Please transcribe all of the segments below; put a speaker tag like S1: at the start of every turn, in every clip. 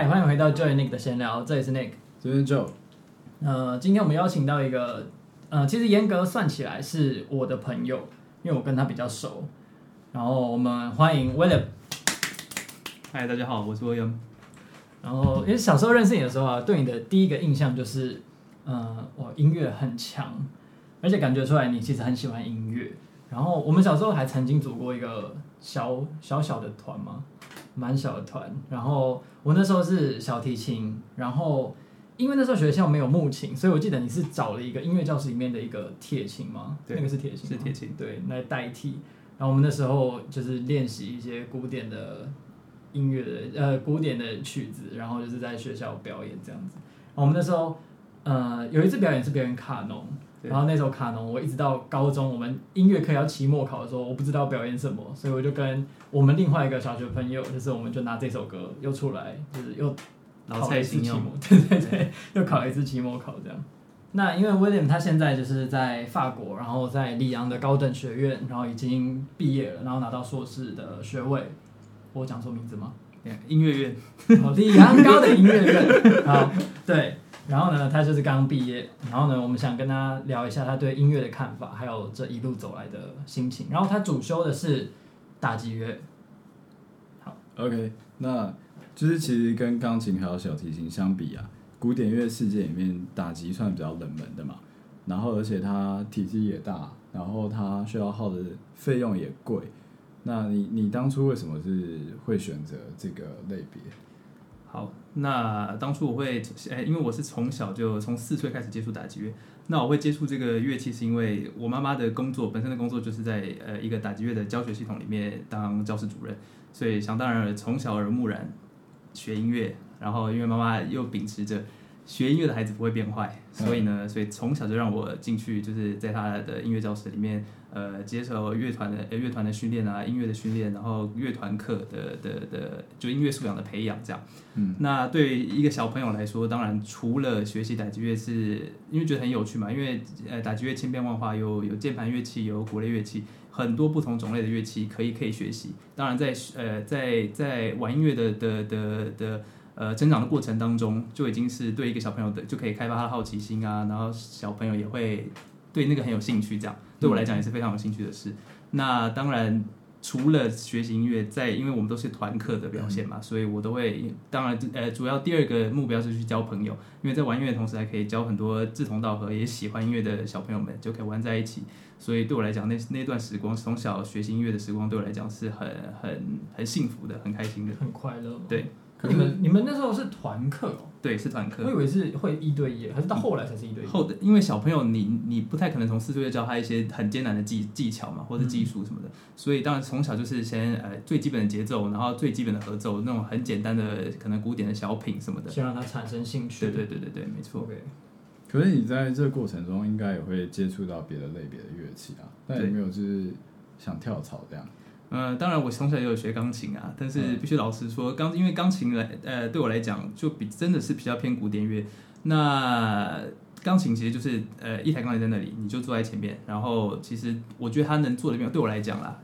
S1: Hi, 歡迎回到 Joy Nick 的閒聊，這裡是 Nick，這天 Joe。is Joe. 呃，今天我們邀請到一個，呃，其實嚴格算起來是我的朋友，因為我跟他比較熟。然後我們歡迎 William。嗨，大家好，我是 William。然後，因為小時候認識你的時候啊，對你的第一個印象就是，嗯、呃，我音樂很強，而且感覺出來你其實很喜歡音樂。然後，我們小時候還曾經組過一個小小小的團嘛。蠻小的團，然後我那時候是小提琴，然後因為那時候學校沒有木琴，所以我記得你是找了一個音樂教室裡面的一個鐵琴嗎？對，那個是鐵琴，是鐵琴，對，來代替。然後我們那時候就是練習一些古典的音樂的呃古典的曲子，然後就是在學校表演這樣子。我們那時候呃有一次表演是表演卡農。然後那首卡農，我一直到高中，我們音樂課要期末考的時候，我不知道表演什麼，所以我就跟我們另外一個小學朋友，就是我們就拿這首歌又出來，就是又考一次期末，對對對，又考一次期末考這樣。那因為 William 他現在就是在法國，然後在里昂的高等學院，然後已經畢業了，然後拿到碩士的學位。我講錯名字嗎？音樂院，里昂高等音樂院。好，對。然後呢，他就是剛畢業。然後呢，我們想跟他聊一下他對音樂的看法，還有這一路走來的心情。然後他主修的是打擊樂。好，OK，
S2: 那就是其實跟鋼琴還有小提琴相比啊，古典樂世界裡面打擊算比較冷門的嘛。然後而且它體積也大，然後它需要耗的費用也貴。那你你當初為什麼是會選擇這個類別？
S3: 好，那當初我會，誒、欸，因為我是從小就從四歲開始接觸打擊樂，那我會接觸這個樂器，是因為我媽媽的工作本身的工作就是在呃一個打擊樂的教學系統裡面當教室主任，所以想當然從小耳濡目染，學音樂，然後因為媽媽又秉持着。學音樂的孩子不會變壞，嗯、所以呢，所以從小就讓我進去，就是在他的音樂教室裡面，呃，接受樂團的、呃、樂團的訓練啊，音樂的訓練，然後樂團課的的的，的，就音樂素養的培養這樣。嗯，那對一個小朋友來說，當然除了學習打擊樂是，因為覺得很有趣嘛，因為呃，打擊樂千變萬化，有有鍵盤樂器，有鼓類樂器，很多不同種類的樂器可以可以學習。當然在呃在在玩音樂的的的的。的的呃，成長的過程當中就已經是對一個小朋友的，就可以開發他的好奇心啊，然後小朋友也會對那個很有興趣，這樣對我來講也是非常有興趣的事。嗯、那當然，除了學習音樂，在因為我們都是團課的表現嘛，嗯、所以我都會，當然，呃，主要第二個目標是去交朋友，因為在玩音樂的同時還可以交很多志同道合也喜歡音樂的小朋友們，就可以玩在一起。所以對我來講，那那段時光，從小學習音樂的時光，對我來講是很很很幸福的，很開心的，很快樂。對。你們你們那時候是團課哦？對，是團課。我以為是
S1: 會一對一，還是到後來才是一對一。後
S3: 的，因為小朋友你你不太可能從四歲就教他一些很艱難的技技巧嘛，或者技術什麼的。嗯，所以當然從小就是先呃最基本的節奏，然後最基本的合奏，那種很簡單的可能古典的小品什麼的，先讓他
S1: 產生興趣。對對對
S3: 對對，沒錯。
S2: Okay 可是你在這個過程中應該也會接觸到別的類別的樂器啊，對但有沒有就是想跳槽這樣？
S3: 呃，當然我從小也有學鋼琴啊，但是必須老實說，剛，因為鋼琴來，呃，對我來講就比真的是比較偏古典樂。那鋼琴其實就是，呃，一台鋼琴在那裡，你就坐在前面，然後其實我覺得他能做的變化，對我來講啦，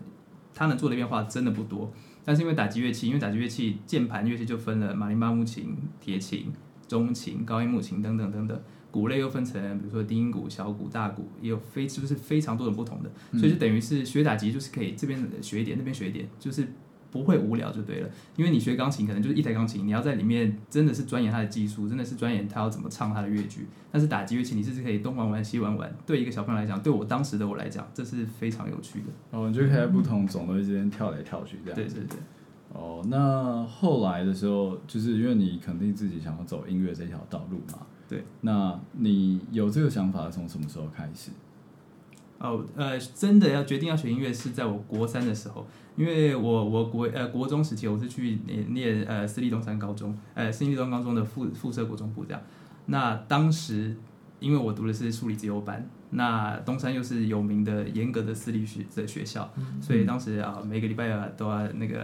S3: 他能做的變化真的不多。但是因為打擊樂器，因為打擊樂器，鍵盤樂器就分了馬林巴木琴、鐵琴、中琴、高音木琴等等等等。鼓類又分成，比如說低音鼓、小鼓、大鼓，也有非就是非常多種不同的，嗯。所以就等於是學打擊就是可以這邊學一點，那邊學一點，就是不會無聊就對了。因為你學鋼琴可能就是一台鋼琴，你要在裡面真的是鑽研它的技術，真的是鑽研它要怎麼唱它的樂句。但是打擊樂器你是可以東玩玩西玩玩，對一個小朋友來講，對我當時的我來講，這是非常有趣的。
S2: 哦，你就可以在不同種類之間跳來跳去這樣子。嗯。
S3: 對對對，對。哦，那後
S2: 來的時候，就是因為你肯定自己想要走音樂這條道路嘛。對，那你有這個想法從什麼時候開始？
S3: 哦，oh, 呃，真的要決定要學音樂是在我國三的時候，因為我我國呃國中時期我是去念念呃私立中山高中，呃私立中山高中的附附設國中部這樣。那當時因為我讀的是數理資優班。那東山又是有名的、嚴格的私立學的學校，嗯、所以當時啊，每個禮拜啊都要那個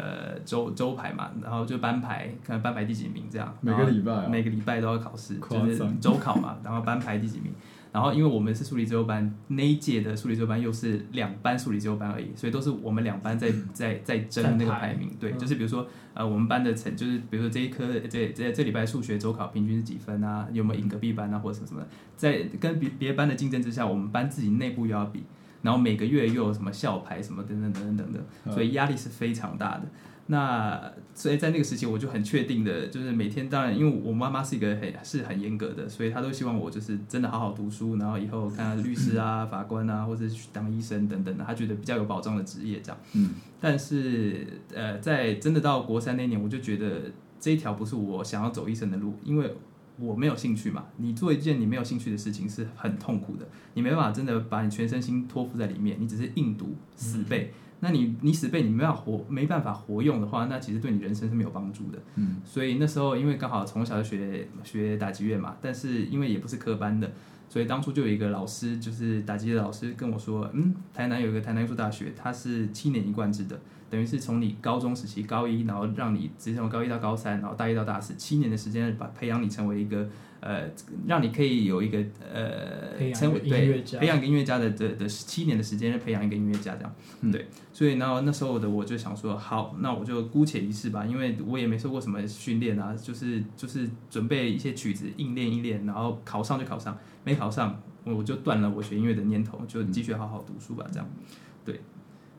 S3: 周周排嘛，然後就班排看班排第幾名這樣，每個禮拜、啊、誇張，每個禮拜都要考試，就是周考嘛， 然後班排第幾名。然後，因為我們是數理資優班，那一屆的數理資優班又是兩班數理資優班而已，所以都是我們兩班在在在爭那個排名。對，就是比如說，呃，我們班的成，就是比如說這一科這這這禮拜數學周考平均是幾分啊？有沒有贏隔壁班啊？或者什麼什麼，在跟別別班的競爭之下，我們班自己內部又要比，然後每個月又有什麼校排什麼等等等等等等，所以壓力是非常大的。那所以在那個時期，我就很確定的，就是每天當然，因為我媽媽是一個很是很嚴格的，所以她都希望我就是真的好好讀書，然後以後看律師啊、法官啊，或者去當醫生等等，她覺得比較有保障的職業這樣。嗯。但是呃，在真的到國三那年，我就覺得這一條不是我想要走醫生的路，因為我沒有興趣嘛。你做一件你沒有興趣的事情是很痛苦的，你沒辦法真的把你全身心托付在裡面，你只是硬讀死背。嗯那你你死背，你沒辦法活，沒辦法活用的話，那其實對你人生是沒有幫助的。嗯，所以那時候因為剛好從小學學打擊樂嘛，但是因為也不是科班的，所以當初就有一個老師，就是打擊的老師跟我說，嗯，台南有一個台南藝術大學，它是七年一貫制的。等於是從你高中時期高一，然後讓你直接從高一到高三，然後大一到大四，七年的時間把培養你成為一個，呃，讓你可以有一個呃，成為對培養一個音樂家的的的七年的時間培養一個音樂家這樣，嗯、對，所以然後那時候的我就想說，好，那我就姑且一試吧，因為我也沒受過什麼訓練啊，就是就是準備一些曲子硬練一練，然後考上就考上，沒考上我我就斷了我學音樂的念頭，就繼續好好讀書吧這樣，嗯、對。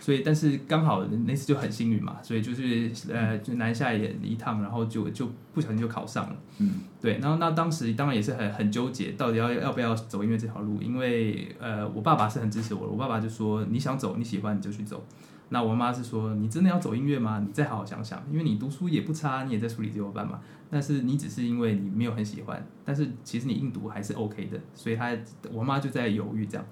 S3: 所以，但是剛好那次就很幸運嘛，所以就是、嗯、呃，就南下也一趟，然後就就不小心就考上了。嗯，對。然後那當時當然也是很很糾結，到底要要不要走音樂這條路？因為呃，我爸爸是很支持我的。我爸爸就說，你想走你喜歡你就去走。那我媽是說，你真的要走音樂嗎？你再好好想想，因為你讀書也不差，你也在數理組班嘛。但是你只是因為你沒有很喜歡，但是其實你硬讀還是 OK 的。所以她我媽就在猶豫這樣。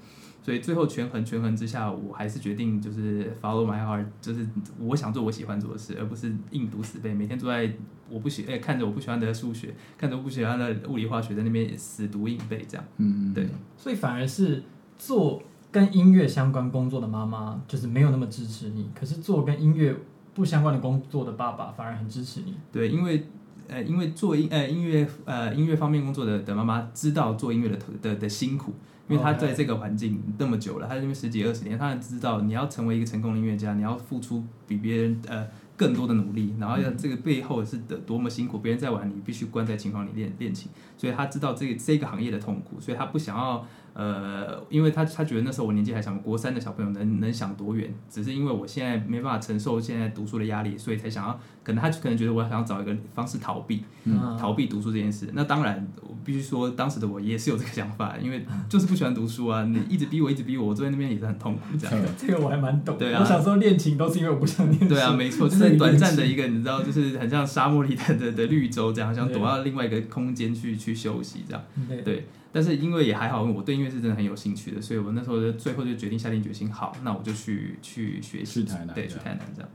S3: 所以最後權衡權衡之下，我還是決定就是 follow my heart，就是我想做我喜歡做的事，而不是硬讀死背，每天坐在我不喜、欸、看着我不喜歡的數學，看着我不喜歡的物理化學，在那邊死讀硬背這樣。嗯嗯，對。
S1: 所以反而是做跟音樂相關工作的媽媽，就是沒有那麼支持你，可是做跟音樂不相關的工作的爸爸，反而很支持你。
S3: 對，因為呃，因為做音呃音樂呃音樂方面工作的的媽媽，知道做音樂的的的辛苦。因為他在這個環境那麼久了，他因為十幾二十年，他才知道你要成為一個成功的音樂家，你要付出比別人呃更多的努力，然後要這個背後是得多麼辛苦，別人在玩，你必須關在琴房裡練練琴，所以他知道這個、這個行業的痛苦，所以他不想要。呃，因為他他覺得那時候我年紀還小，國三的小朋友能能想多遠？只是因為我現在沒辦法承受現在讀書的壓力，所以才想要，可能他就可能覺得我想要找一個方式逃避，嗯、逃避讀書這件事。那當然，我必須說，當時的我也是有這個想法，因為就是不喜歡讀書啊，你一直逼我，一直逼我，我坐在那邊也是很痛苦這樣。這個我還蠻懂，對啊、我小
S1: 時候練琴都是因為我不想練。對啊，沒錯，就是很短暫的一
S3: 個，你知道，就是很像沙漠裡的的、的、的綠洲這樣，想躲到另外一個空間去、啊、去休息這樣。對。但是因為也還好，因為我對音樂是真的很有興趣的，所以我那時候就最後就決定下定決心，好，那我就去去，去學習，去台南，對，去台南這樣。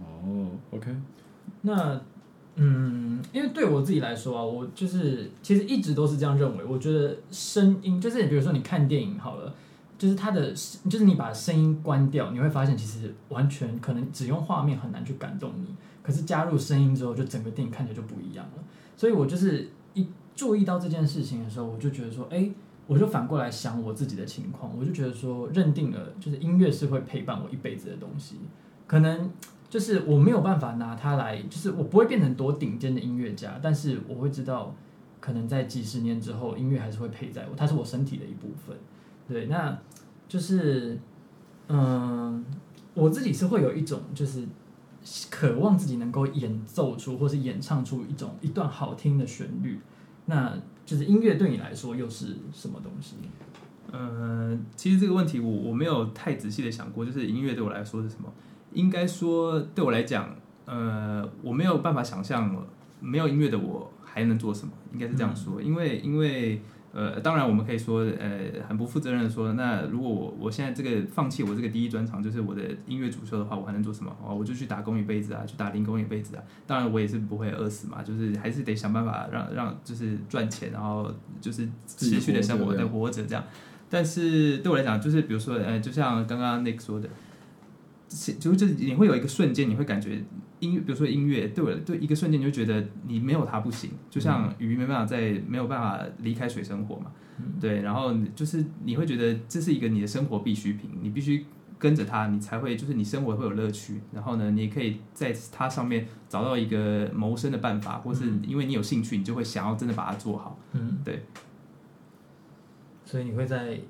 S3: 哦、oh，OK，那。
S1: 那嗯，因為對我自己來說啊，我就是其實一直都是這樣認為，我覺得聲音就是，你比如說你看電影好了，就是它的就是你把聲音關掉，你會發現其實完全可能只用畫面很難去感動你，可是加入聲音之後，就整個電影看起來就不一樣了。所以我就是一。注意到這件事情的時候，我就覺得說，哎、欸，我就反過來想我自己的情況，我就覺得說，認定了就是音樂是會陪伴我一輩子的東西。可能就是我沒有辦法拿它來，就是我不會變成多頂尖的音樂家，但是我會知道，可能在幾十年之後，音樂還是會陪在我，它是我身體的一部分。對，那就是，嗯，我自己是會有一種就是渴望自己能夠演奏出或是演唱出一種一段好聽的旋律。那就是音樂對你來說又是什麼東西？嗯、
S3: 呃，其實這個問題我我沒有太仔細的想過，就是音樂對我來說是什麼？應該說對我來講，呃，我沒有辦法想象沒有音樂的我還能做什麼，應該是這樣說，因為、嗯、因為。因為呃，當然，我們可以說，呃，很不負責任的說，那如果我我現在這個放棄我這個第一專長，就是我的音樂主修的話，我還能做什麼？哦，我就去打工一輩子啊，去打零工一輩子啊。當然，我也是不會餓死嘛，就是還是得想辦法讓讓，就是賺錢，然後就是持續的生活的活，啊，活着這樣。但是對我來講，就是比如說，呃，就像剛剛 Nick 說的。就是，就是你會有一個瞬間，你會感覺音樂，比如說音樂對我，對，對，對，一個瞬間，你會覺得你沒有它不行，就像魚沒辦法在沒有辦法離開水生活嘛，嗯、對。然後就是你會覺得這是一個你的生活必需品，你必須跟着它，你才會就是你生活會有樂趣。然後呢，你可以在它上面找到一個謀生的辦法，或是因為你有興趣，你就會想要真的把它做好。嗯，對。
S1: 所以你會在。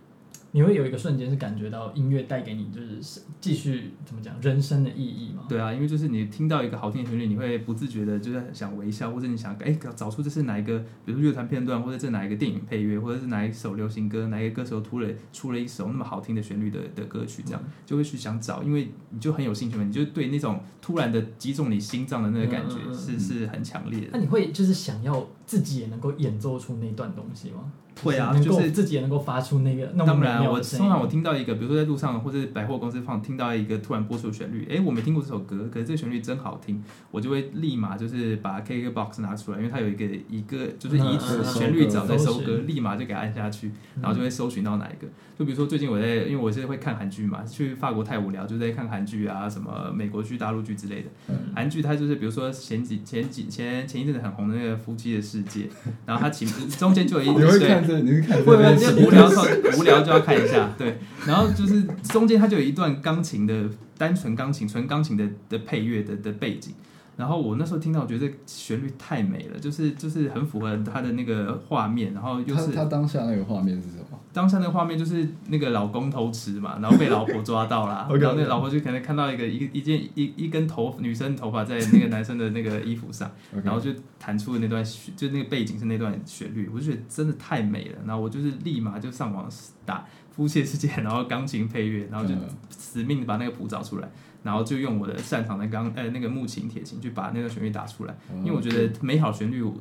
S1: 你會有一個瞬間是感覺到音樂帶給你就是繼續怎麼講人生的意義嗎？
S3: 對啊，因為就是你聽到一個好聽的旋律，你會不自覺的就是想微笑，或者你想誒，找出這是哪一個，比如說樂團片段，或者是這哪一個電影配樂，或者是哪一首流行歌，哪一個歌手突然出了一首那麼好聽的旋律的的歌曲，這樣就會去想找，因為你就很有興趣嘛，你就對那種突然的擊中你心臟的那個感覺是、嗯、是很強烈的、嗯。那
S1: 你會就是想要自己也能夠演奏出那段東西嗎？會啊，就是自己也能夠發出那個那。當然，我通常我
S3: 聽到一個，比如說在路上或是百貨公司放聽到一個突然播出的旋律，誒，我沒聽過這首歌，可是這旋律真好聽，我就會立馬就是把 KKbox 拿出來，因為它有一個一個就是以、嗯嗯、旋律找歌在搜歌，搜尋立馬就給它按下去，然後就會搜尋到哪一個。嗯、就比如說最近我在，因為我是會看韓劇嘛，去法國太無聊，就在看韓劇啊，什麼美國劇、大陸劇之類的。嗯、韓劇它就是比如說前幾前幾前前一陣子很紅的那個《夫妻的世界》，然後它其 中間就有一。 對對，你會不會？今天無聊時、就是、無聊就要看一下，對。是然後就是中間它就有一段鋼琴的單純鋼琴、純鋼琴的的配樂的的背景。然後我那時候聽到，我覺得旋律太美了，就是就是很符合他的那個畫面。然後又、就是他，他
S2: 當下那個畫
S3: 面是什麼？當下那個畫面就是那個老公偷吃嘛，然後被老婆抓到了， 然後那老婆就可能看到一個一一件一一根頭女生頭髮在那個男生的那個衣服上， 然後就彈出了那段就那個背景是那段旋律，我就覺得真的太美了。然後我就是立馬就上網打《夫妻之間》，然後鋼琴配樂，然後就死命的把那個譜找出來。然後就用我的擅長的鋼呃，那個木琴鐵琴，去把那個旋律打出來。因為我覺得美好旋律，我，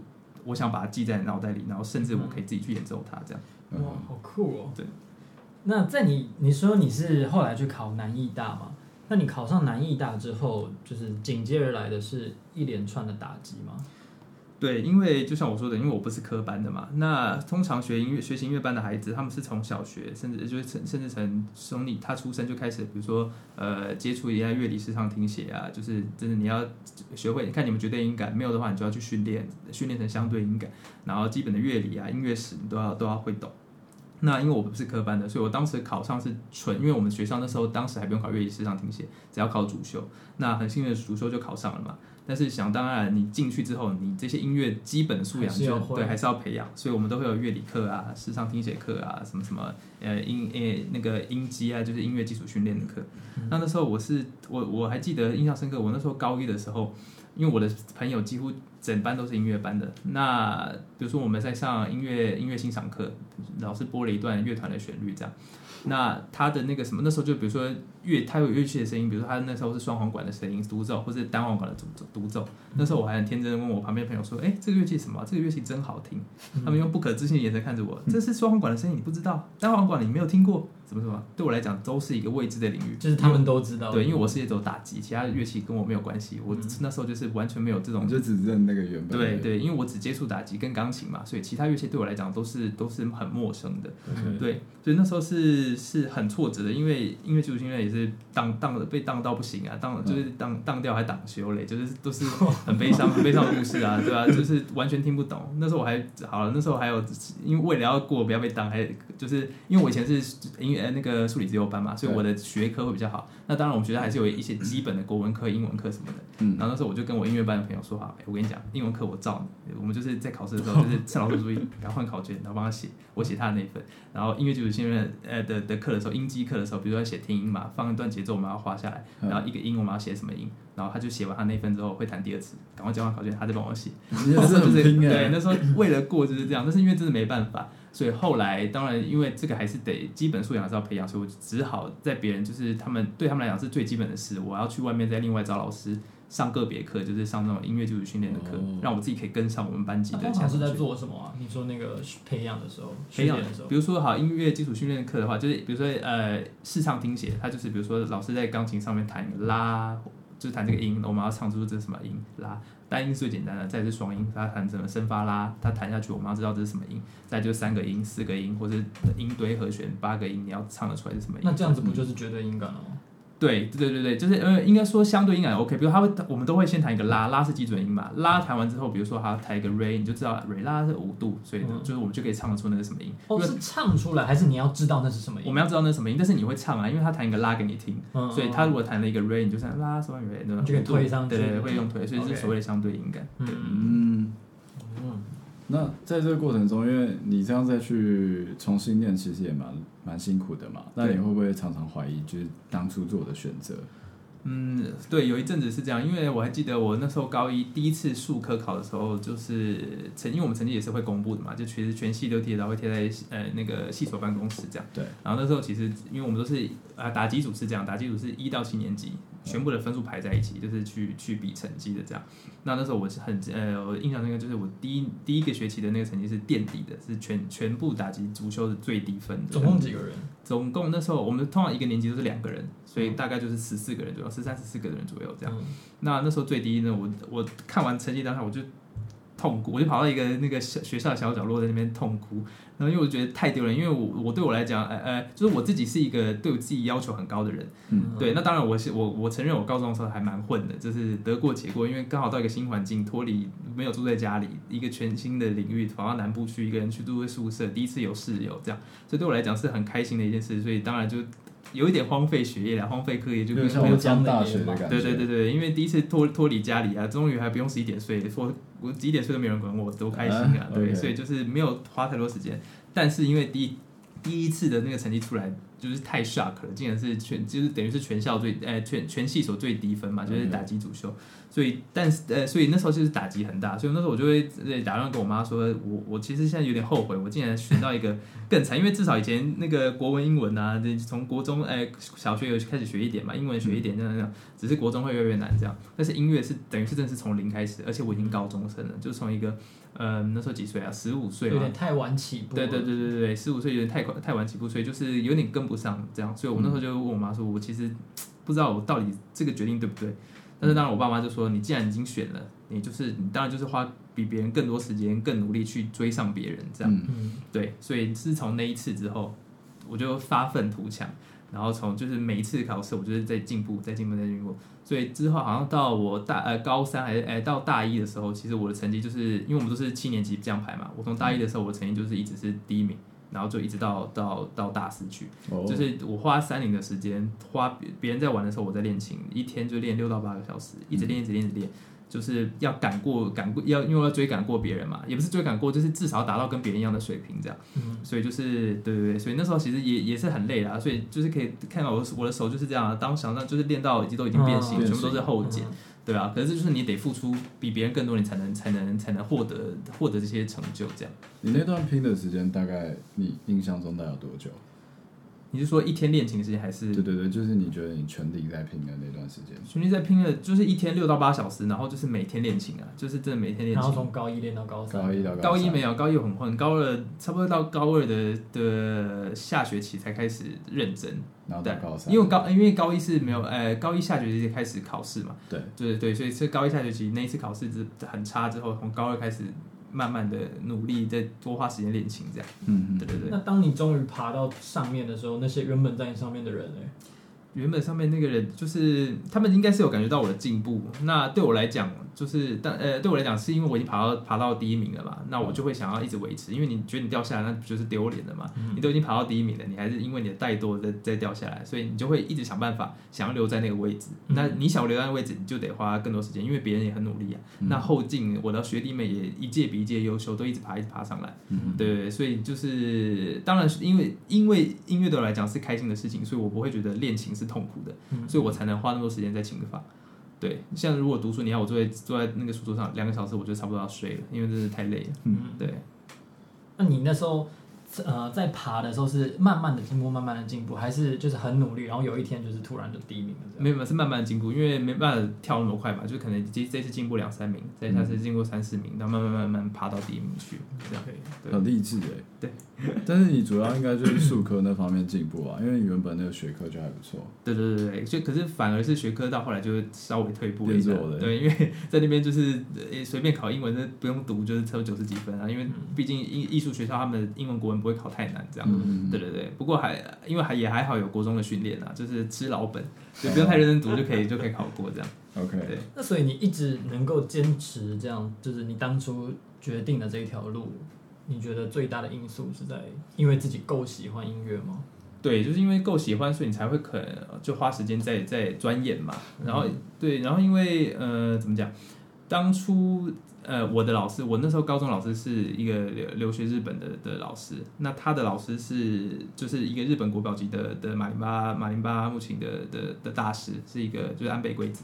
S3: 我想把它記在腦袋裡，然後甚至我可以自己去演奏它。這樣、
S1: 嗯嗯、哇，好酷哦！對。那在你你說你是後來去考南藝大嘛？那你考上南藝大之後，就是緊接而來的是一連串的打擊嗎？
S3: 對，因為就像我說的，因為我不是科班的嘛，那通常學音樂、學琴音樂班的孩子，他們是從小學，甚至就是甚至從從你他出生就開始，比如說呃，接觸一下樂理、視唱、聽寫啊，就是真的你要學會。你看你們絕對音感沒有的話，你就要去訓練，訓練成相對音感，然後基本的樂理啊、音樂史你都要都要會懂。那因為我不是科班的，所以我當時考上是純，因為我們學校那時候當時還不用考樂理、視唱、聽寫，只要考主修。那很幸運的，主修就考上了嘛。但是想當然，你進去之後，你這些音樂基本素養就對，還是要培養，所以我們都會有樂理課啊、視唱聽寫課啊、什麼什麼呃音呃那個音基啊，就是音樂基礎訓練的課。嗯、那那時候我是我我還記得印象深刻，我那時候高一的時候，因為我的朋友幾乎整班都是音樂班的。那比如說我們在上音樂音樂欣賞課，老師播了一段樂團的旋律，這樣。那他的那個什麼，那時候就比如說樂，他有樂器的聲音，比如說他那時候是雙簧管的聲音獨奏，或者是單簧管的獨奏。嗯、那時候我還很天真的問我旁邊的朋友說：“哎、欸，這個樂器是什麼？這個樂器真好聽。嗯”他們用不可置信的眼神看着我：“嗯、這是雙簧管的聲音，你不知道？單簧管你沒有聽過？”怎麼說麼？對我來講都是一個未知的領域，就是他們都知道有沒有。對，因為我是走打擊，其他的樂器跟我沒有關係。我、嗯、那時候就是完全沒有這種，就只認那個原本對。對對，因為我只接觸打擊跟鋼琴嘛，所以其他樂器對我來講都是都是很陌生的。Okay. 對，所以那時候是是很挫折的，因為因為基礎訓練也是當當被當到不行啊，當就是當當掉還擋修嘞，就是都是很悲傷很悲傷的故事啊， 對吧、啊？就是完全聽不懂。那時候我還好了，那時候我還有因為為了要過不要被當，還就是因為我以前是音樂。 呃，那個數理資優班嘛，所以我的學科會比較好。那當然，我們學校還是有一些基本的國文科、英文課什麼的。嗯，然後那時候我就跟我音樂班的朋友說好，欸、我跟你講，英文課我罩你。我們就是在考試的時候，就是趁老師注意，然後換考卷，然後幫他寫，我寫他的那份。然後音樂基礎訓練呃的的課的時候，音基課的時候，比如說寫聽音嘛，放一段節奏，我們要畫下來，然後一個音我們要寫什麼音，然後他就寫完他那份之後，會彈第二次，趕快交換考卷，他再幫我寫。欸、那時候就是對，那時候為了過就是這樣，但是因為真的沒辦法。所以後來，當然，因為這個還是得基本素養是要培養，所以我只好在別人，就是他們對他們來講是最基本的事，我要去外面再另外找老師上個別課，就是上那種音樂基礎訓練的課，嗯、讓我自己可以跟上我們班級的。那通常是在做
S1: 什麼啊？你說那個培養的時候，培養，養的時候，比如
S3: 說好，音樂基礎訓練的課的話，就是比如說呃視唱聽寫，它就是比如說老師在鋼琴上面彈拉，就是彈這個音，我們要唱出這什麼音拉。單音是最簡單的，再是雙音，他彈什麼升發拉，他彈下去，我們要知道這是什麼音。再就是三個音、四個音，或是音堆和弦，八個音，你要唱得出來是什麼音？那這樣子不就是絕對音感了嗎？對對對對對，就是呃，應該說相對音感 OK。比如他會，我們都會先彈一個拉，拉是基準音嘛。拉彈完之後，比如說他要彈一個 re，你就知道 re，拉是五度，所以呢、嗯、就是我們就可以唱得出那個什麼音。哦，果是
S1: 唱出來還是你要知道那是什麼
S3: 音？我們要知道那是什麼音，但是你會唱啊，因為他彈一個拉給你聽，嗯、所以他如果彈了一個 re，你就算、嗯、拉什麼 re，這個推上去，對，對對對，會用推，所以是所謂的相對音感。嗯。嗯
S2: 那在這個過程中，因為你這樣再去重新練，其實也蠻蠻辛苦的嘛。那你會不會常常懷疑，就是當初做的選擇？
S3: 嗯，對，有一陣子是這樣，因為我還記得我那時候高一第一次術科考的時候，就是成，因為我們成績也是會公布的嘛，就其實全系都貼，然後會貼在呃那個系所辦公室這樣。對。然後那時候其實，因為我們都是啊打擊組是這樣，打擊組是一到七年級。全部的分數排在一起，就是去去比成績的這樣。那那時候我是很呃，我印象那個就是我第一第一個學期的那個成績是墊底的，是全全部打擊主修的最低分的。總共幾個人？總共那時候我們通常一個年級都是兩個人，所以大概就是十四個人左右，十三十四個人左右這樣。那、嗯、那時候最低呢，我我看完成績單上我就。痛苦，我就跑到一個那個小學校的小角落，在那邊痛哭。然後因為我覺得太丟人，因為我我對我來講，呃呃，就是我自己是一個對我自己要求很高的人，嗯，對。那當然我是我我承認我高中的時候還蠻混的，就是得過且過，因為剛好到一個新環境，脫離沒有住在家裡，一個全新的領域，跑到南部去，一個人去住宿舍，第一次有室友這樣，所以對我來講是很開心的一件事，所以當然就。有一點荒廢學業的，荒廢課業，就比點沒有上大學嘛。對對對對，因為第一次脫脫離家裡啊，終於還不用十一點睡，說我我幾點睡都沒有人管我，多開心啊！Uh, okay. 對，所以就是沒有花太多時間，但是因為第一第一次的那個成績出來，就是太 shock 了，竟然是全就是等於是全校最，呃、欸，全全系所最低分嘛，就是打擊主修。Uh huh. 所以，但是，呃，所以那時候就是打擊很大，所以那時候我就會打算跟我媽說，我我其實現在有點後悔，我竟然選到一個更慘，因為至少以前那個國文、英文啊，這從國中哎、呃、小學有開始學一點嘛，英文學一點這樣，這樣，只是國中會越來越難這樣。但是音樂是等於是真的是從零開始，而且我已經高中生了，就從一個呃那時候幾歲啊，十五歲，有點太晚起步。對對對對對對，十五歲有點太太晚起步，所以就是有點跟不上這樣。所以我那時候就問我媽說，我其實不知道我到底這個決定對不對。但是當然，我爸媽就說：“你既然已經選了，你就是你當然就是花比別人更多時間、更努力去追上別人，這樣、嗯、對。所以是從那一次之後，我就發憤圖強，然後從就是每一次考試，我就是在進步，在進步，在進，進步。所以之後好像到我大呃高三還是、呃、到大一的時候，其實我的成績就是因為我們都是七年級這樣排嘛。我從大一的時候，我成績就是一直是第一名。嗯”然後就一直到到到大四去，oh. 就是我花三年的時間，花別人在玩的時候我在練琴，一天就練六到八個小時，一直練一直練一直練，就是要趕過趕過要因為我要追趕過別人嘛，也不是追趕過，就是至少要達到跟別人一樣的水平這樣，mm hmm. 所以就是對對對，所以那時候其實也也是很累的、啊，所以就是可以看到我我的手就是這樣、啊，當時就是練到已經都已經變形，oh. 全部都是厚繭。對啊，可是就是你得付出比別人更多，你才能才能才能獲得獲得這些成就。這樣，你那段拼的時間大概你
S2: 印象中大概有多久？
S3: 你是說一天練琴的時間還是？對對對，就是你覺得你全力在拼
S2: 的那段時
S3: 間。全力在拼的，就是一天六到八小時，然後就是每天練琴啊，就是真的每天練琴。然後從
S1: 高一練到高三。高一到高三。高一沒
S3: 有，高一很混，高二差不多到高二的的下學期才開始認真。然後到高三。對。因為高、呃、因為高一是沒有，呃，高一下學期開始考試嘛。對。對，對對對，所以是高一下學期那一次考試是很差，之後從高二開始。慢慢的努力，再多花時間練琴，這樣。嗯哼，對對對。那
S1: 當你終於爬到上面的時候，那些原本在你上面的人、欸，
S3: 哎，原本上面那個人，就是他們應該是有感覺到我的進步。那對我來講。就是但，但呃，對我來講，是因為我已經爬到爬到第一名了嘛，那我就會想要一直維持，因為你覺得你掉下來，那不就是丟臉了嘛？嗯、你都已經爬到第一名了，你還是因為你的怠惰再再掉下來，所以你就會一直想辦法想要留在那個位置。嗯、那你想留在那個位置，你就得花更多時間，因為別人也很努力啊。嗯、那後進我的學弟妹也一屆比一屆優秀，都一直爬，一直爬上來。嗯、對，所以就是，當然是因為因為音樂對我來講是開心的事情，所以我不會覺得練琴是痛苦的，嗯、所以我才能花那麼多時間在琴房。對，像如果讀書，你要我坐坐在那個書桌上兩個小時，我就差不多要睡了，因為真是太累了。嗯，對。
S1: 那你那時候，呃，在爬的時候是慢慢的進步，慢慢的進步，還是就是很努力，然後有一天就是突然就第一名了？
S3: 沒有，是慢慢的進步，因為沒辦法跳那麼快嘛，就可能這這次進步兩三名，這下、嗯、次進步三四名，然後慢慢慢慢爬到第一名去，這樣可以。很勵志的。對。
S2: 但是你主要應該就是術科那方面進步啊， 因為原本那個學科就還不錯。對
S3: 對對，對，就可是反而是學科到後來就是稍微退步了。對，因為在那邊就是隨、欸、便考英文，那不用讀就是超九十幾分啊，因為畢竟藝藝術學校他們的英文國文不會考太難這樣，嗯嗯嗯，對對對，不過還因為還也還好有國中的訓練啊，就是吃老本，就不用太認真讀就可以、哦、 就可以考過這樣。OK，對，
S1: 那所以你一直能夠堅持這樣，就是你當初決定的這一條路，你覺得最大的因素是在，因為自己夠喜歡音樂嗎？
S3: 對，就是因為夠喜歡，所以你才會可能就花時間在在鑽研嘛。然後、嗯、對，然後因為呃，怎麼講？當初呃，我的老師，我那時候高中老師是一個留學日本的的老師，那他的老師是就是一個日本國寶級的的馬林巴馬林巴木琴的的的大師，是一個就是安倍圭子。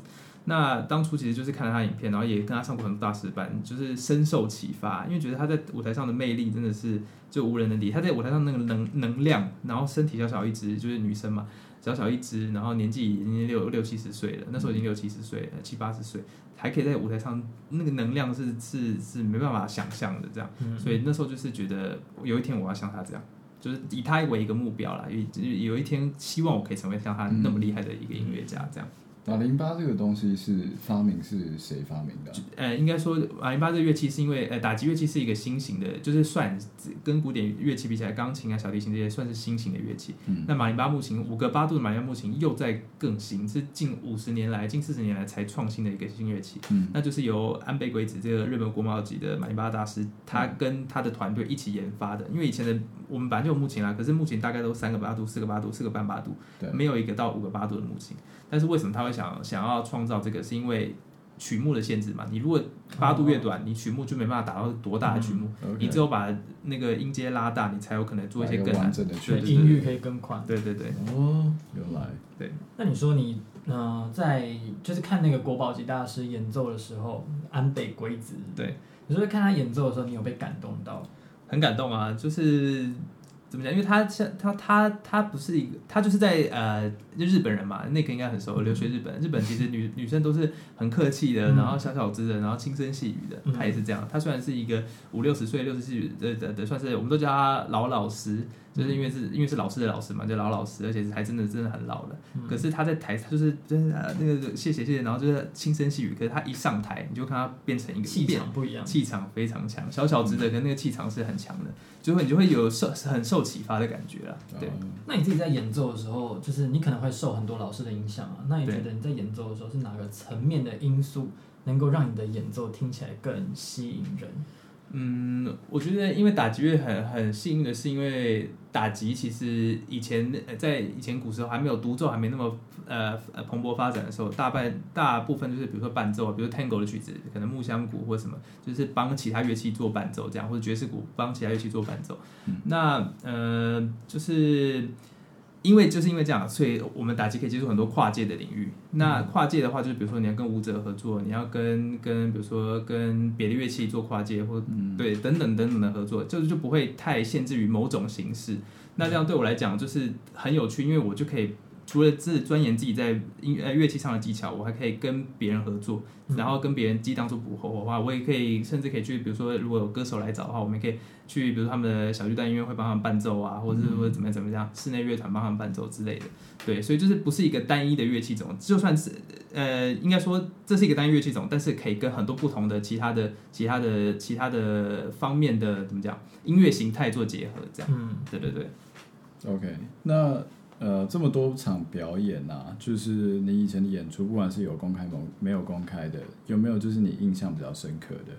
S3: 那當初其實就是看了他影片，然後也跟他上過很多大師班，就是深受啟發，因為覺得他在舞台上的魅力真的是就無人能敵。他在舞台上那個能能量，然後身體小小一只，就是女生嘛，小小一只，然後年紀已經六六七十歲了，那時候已經六七十歲了，七八十歲，還可以在舞台上那個能量是是是沒辦法想象的這樣。所以那時候就是覺得有一天我要像他這樣，就是以他為一個目標啦，有一天希望我可以成為像他那麼厲害的一個音樂家這樣。
S2: 馬林巴這個東西是發明是誰發明的？
S3: 呃，應該說馬林巴這個樂器是因為呃打擊樂器是一個新型的，就是算跟古典樂器比起來，鋼琴啊、小提琴這些算是新型的樂器。嗯。那馬林巴木琴五個八度的馬林巴木琴又在更新，是近五十年來、近四十年來才創新的一個新樂器。嗯。那就是由安倍圭子這個日本國寶級的馬林巴大師，他跟他的團隊一起研發的。因為以前的我們本來就有木琴啊，可是木琴大概都三個八度、四個八度、四個半八度，對，沒有一個到五個八度的木琴。但是為什麼他會？想想要創造這個，是因為曲目的限制嘛？你如果八度越短，哦、你曲目就沒辦法達到多大的曲目，嗯 okay、你只有把那個音階拉大，你才有可能做一些更難完整的曲，對對對音域可以更寬對對對，哦，原
S1: 來對。那你說你呃，在就是看那個國寶級大師演奏的時候，安倍圭子，對，你說看他演奏的時候，你有被感動到？
S3: 很感動啊，就是。怎麼講？因為他像他他他，他不是一個，他就是在呃，就日本人嘛，那個應該很熟，嗯、留學日本。日本其實女、嗯、女生都是很客氣的，然後小小隻的，然後輕聲細語的。嗯、他也是這樣。他雖然是一個五六十歲、六十歲呃的對對對對，算是我們都叫他老老師。就是因為是，因為是老師的老師嘛，就老老師，而且是還真的真的很老了。嗯、可是他在台、就，上、是，就是真、啊、的那個謝謝謝謝，然後就是輕聲細語。可是他一上台，你就看他變成一個氣場不一樣，氣場非常強，小小隻的跟、嗯、那個氣場是很強的，就會你就會有受很受啟發的感覺啊。嗯、對，
S1: 那你自己在演奏的時候，就是你可能會受很多老師的影響啊。那你覺得你在演奏的時候是哪個層面的因素能夠讓你的演奏聽起來更吸引人？
S3: 嗯，我覺得因為打擊樂很很幸運的是，因為打擊其實以前在以前古時候還沒有獨奏還沒那麼呃呃蓬勃發展的時候，大半大部分就是比如說伴奏，比如說 tango 的曲子，可能木箱鼓或什麼，就是幫其他樂器做伴奏這樣，或者爵士鼓幫其他樂器做伴奏。嗯、那呃就是。因為就是因為這樣，所以我們打擊可以接觸很多跨界的領域。那跨界的話，就是比如說你要跟舞者合作，你要跟跟比如說跟別的樂器做跨界或，或、嗯、對等等等等的合作，就是就不會太限制於某種形式。那這樣對我來講就是很有趣，因為我就可以。除了自己鑽研自己在音樂呃樂器上的技巧，我還可以跟別人合作，然後跟別人既當做補喉的話，我也可以甚至可以去，比如說如果有歌手來找的話，我們可以去，比如他們的小巨蛋音樂會幫他們伴奏啊，或者是、嗯、或是怎麼怎樣怎麼樣室內樂團幫他們伴奏之類的，對，所以就是不是一個單一的樂器種，就算是呃應該說這是一個單一樂器種，但是可以跟很多不同的其他的其他的其他的方面的怎麼講音樂形態做結合，這樣，嗯，對對對，OK，
S2: 那。呃，這麼多場表演吶、啊，就是你以前的演出，不管是有公開、沒沒有公開的，有沒有就是你印象比較深刻的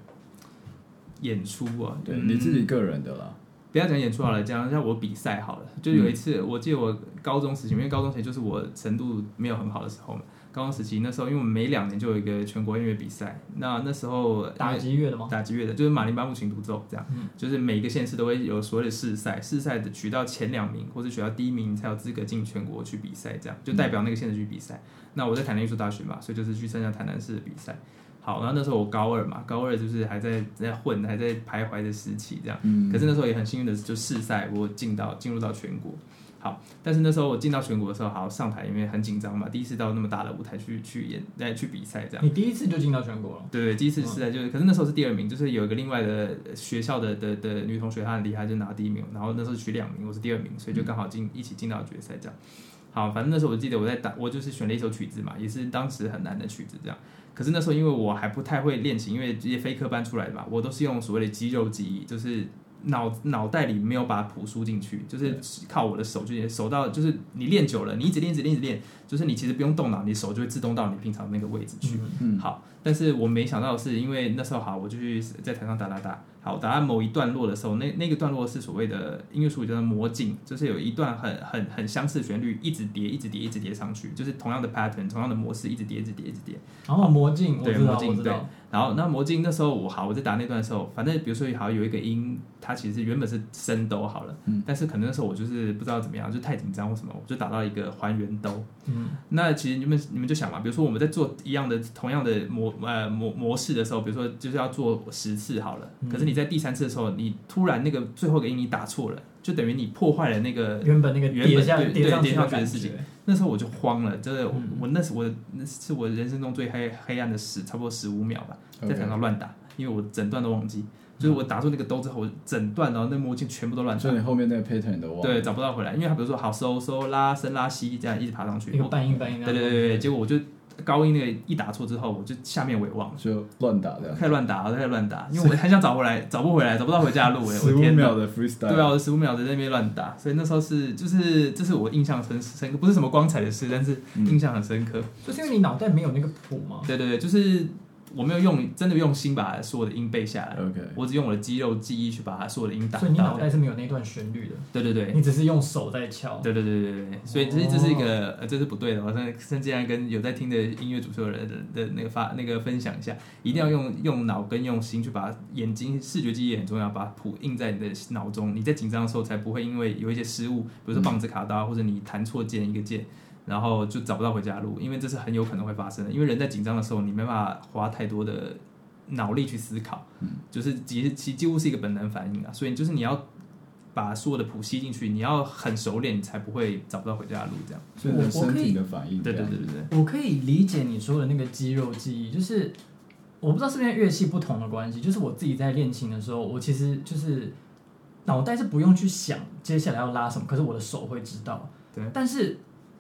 S3: 演出啊？對你自己個人的啦、嗯，不要講演出好了，講像我比賽好了，就有一次，我記得我高中時期，因為高中時期就是我程度沒有很好的時候嘛。高中時期那時候，因為我們每兩年就有一個全國音樂比賽，那那時候打擊樂的嘛，打擊樂的，就是馬林巴木琴獨奏這樣，嗯、就是每個縣市都會有所謂的試賽，試賽的取到前兩名或者取到第一名才有資格進全國去比賽，這樣就代表那個縣市去比賽。嗯、那我在台南藝術大學嘛，所以就是去參加台南市的比賽。好，然後那時候我高二嘛，高二就是還在在混，還在徘徊的時期這樣，嗯、可是那時候也很幸運的就試賽我進到進入到全國。好，但是那時候我進到全國的時候，好上台，因為很緊張嘛，第一次到那麼大的舞台去去演，來去比賽這樣。你第一次就進到全國了？對，第一次是在、嗯、就是，可是那時候是第二名，就是有一個另外的學校的的的女同學，她很厲害，就拿第一名，然後那時候取兩名，我是第二名，所以就剛好進、嗯、一起進到決賽這樣。好，反正那時候我記得我在打，我就是選了一首曲子嘛，也是當時很難的曲子這樣。可是那時候因為我還不太會練琴，因為這些非科班出來的嘛，我都是用所謂的肌肉記憶，就是。腦腦袋裡沒有把譜輸進去，就是靠我的手，就手到，就是你練久了，你一直練，一直練，一直練，就是你其實不用動腦，你手就會自動到你平常那個位置去。嗯嗯。好，但是我沒想到是，因為那時候好，我就去在台上打打打。好，打到某一段落的時候，那那個段落是所謂的音樂術語叫做模進，就是有一段很很很相似旋律，一直疊，一直疊，一直疊上去，就是同樣的 pattern，同樣的模式，一直疊，一直疊，一直疊。然
S1: 後模進，對模進，對。
S3: 然後那模進那時候我好，我在打那段的時候，反正比如說好有一個音，它其實原本是升 do 好了，嗯。但是可能那時候我就是不知道怎麼樣，就太緊張或什麼，我就打到一個還原 do。嗯。那其實你們你們就想嘛，比如說我們在做一樣的同樣的模呃模模式的時候，比如說就是要做十次好了，可是你。在第三次的時候，你突然那個最後給你打錯了，就等於你破壞了那個原本那個原本對，疊上去的事情。覺那時候我就慌了，真、就、的、是，嗯、我那時我那時是我人生中最黑黑暗的時，差不多十五秒吧，在台上亂打，Okay. 因為我整段都忘記，嗯、就是我打出那個兜之後，我整段然後那墨鏡全部都亂，就你後面那個 pattern 的，忘，對，找不到回來，因為他比如說好收收，收拉伸拉吸這樣一直爬上去，個半音我半音， 對，對對對，結果我就。高音那個一打錯之後，我就下面我也忘了，就亂打的太亂打了，開始亂打了，開始亂打，因為我很想找回來，找不回來，找不到回家的路哎、欸！十五秒的 freestyle，對啊，我的十五秒在那邊亂打，所以那時候是，就是這是我印象深深刻，不是什麼光彩的事，但是印象很深刻，嗯、
S1: 就是因為你腦袋沒有那個譜嗎？
S3: 對對對，就是。我沒有用真的用心把所有的音背下來，Okay. 我只用我的肌肉記憶去把所有的音打。所以你腦袋
S1: 是沒有那段旋律的。
S3: 對對對，你只是用手在敲。對對對對對，所以這是、哦、這是一個、呃、這是不對的、哦。我再趁機來跟有在聽的音樂主修人的，的，的那個發那個分享一下，一定要用用腦跟用心去把眼睛視覺記憶很重要，把譜印在你的腦中。你在緊張的時候，才不會因為有一些失誤，比如說棒子卡到、嗯、或者你彈錯鍵一個鍵。然後就找不到回家的路，因為這是很有可能會發生的。因為人在緊張的時候，你沒辦法花太多的腦力去思考，嗯、就是其實幾乎是一個本能反應啊。所以就是你要把所有的譜吸進去，你要很熟練，你才不會找不到回家的路。這樣，所以身體的反應，對，對對對對。
S1: 我可以理解你說的那個肌肉記憶，就是我不知道是不是樂器不同的關係。就是我自己在練琴的時候，我其實就是腦袋是不用去想接下來要拉什麼，可是我的手會知道。對，但是。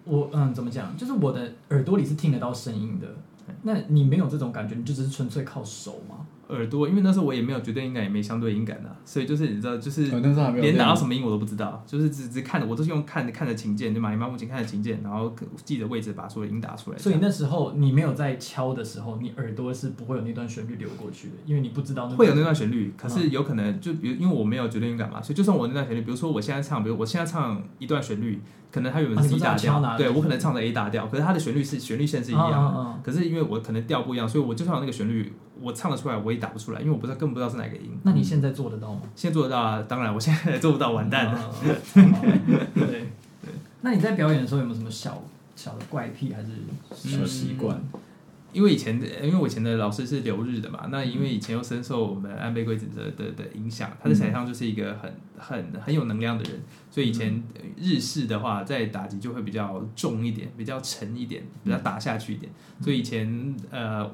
S1: 我嗯，怎麼講？就是我的耳朵裡是聽得到聲音的。對那你沒有這種感覺，你就只是純粹靠手嗎？
S3: 耳朵，因為那時候我也沒有絕對音感，也沒相對音感的、啊，所以就是你知道，就是、哦、是連打到什麼音我都不知道，對就是只只看着，我都是用看着看着琴鍵，對嗎？你媽目前看着琴鍵，然後記著位置把所有音打出來。所以那時
S1: 候你沒有在敲的時候，你耳朵是不會有那段旋律流過去的，因為你不知道。會有那段
S3: 旋律，可是有可能就比如、啊、因為我沒有絕對音感嘛，所以就算我那段旋律，比如說我現在唱，比如我現在唱一段旋律，可能它有 A 大調、啊，掉里對我可能唱的 A 大調，可是它的旋律是旋律線是一樣的，啊啊啊可是因為我可能調不一樣，所以我就唱那個旋律。我唱得出來，我也打不出來，因為我不知道，根本不知道是哪個音。那你現
S1: 在做得到嗎？
S3: 現在做得到啊，當然，我現在做不到，完蛋了。對、
S1: 嗯啊、對。對對，那你在表演的時候有沒有什麼小小的怪癖，還是小習
S3: 慣？嗯、因為以前，因為我以前的老師是留日的嘛，那因為以前又深受我們安倍圭子的的影響，他在台上就是一個很、嗯、很很有能量的人，所以以前日式的話，在打擊就會比較重一點，比較沉一點，比較打下去一點。嗯、所以以前呃。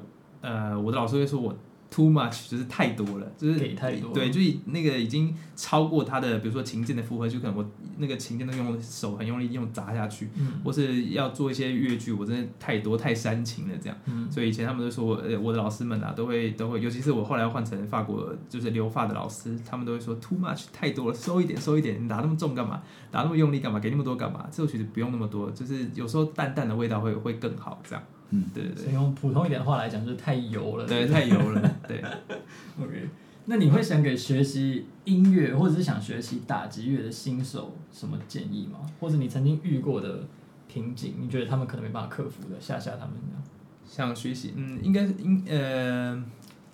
S3: 呃，我的老師會說我 too much，就是太多了，就是給太多了，對，就是那個已經超過他的，比如說琴鍵的負荷，就可能我那個琴鍵都用手很用力用砸下去，嗯、或是要做一些樂句，我真的太多太煽情了這樣。嗯、所以以前他們都說，呃，我的老師們啊，都會都會，尤其是我後來要換成法國就是留法的老師，他們都會說 too much，太多了，收一點收一點，你打那麼重幹嘛？打那麼用力幹嘛？給那麼多幹嘛？這個其實不用那麼多，就是有時候淡淡的味道會會更好這樣。
S1: 嗯，對對，用普通一點的話來講，就是太油了，對，對，對，太油了，對。 OK，那你會想給學習音樂或者是想學習打擊樂的新手什麼建議嗎？或者你曾經遇過的瓶頸，你覺得他們可能沒辦法克服的，嚇嚇他們這樣。
S3: 想學習，嗯，應該是、嗯、呃。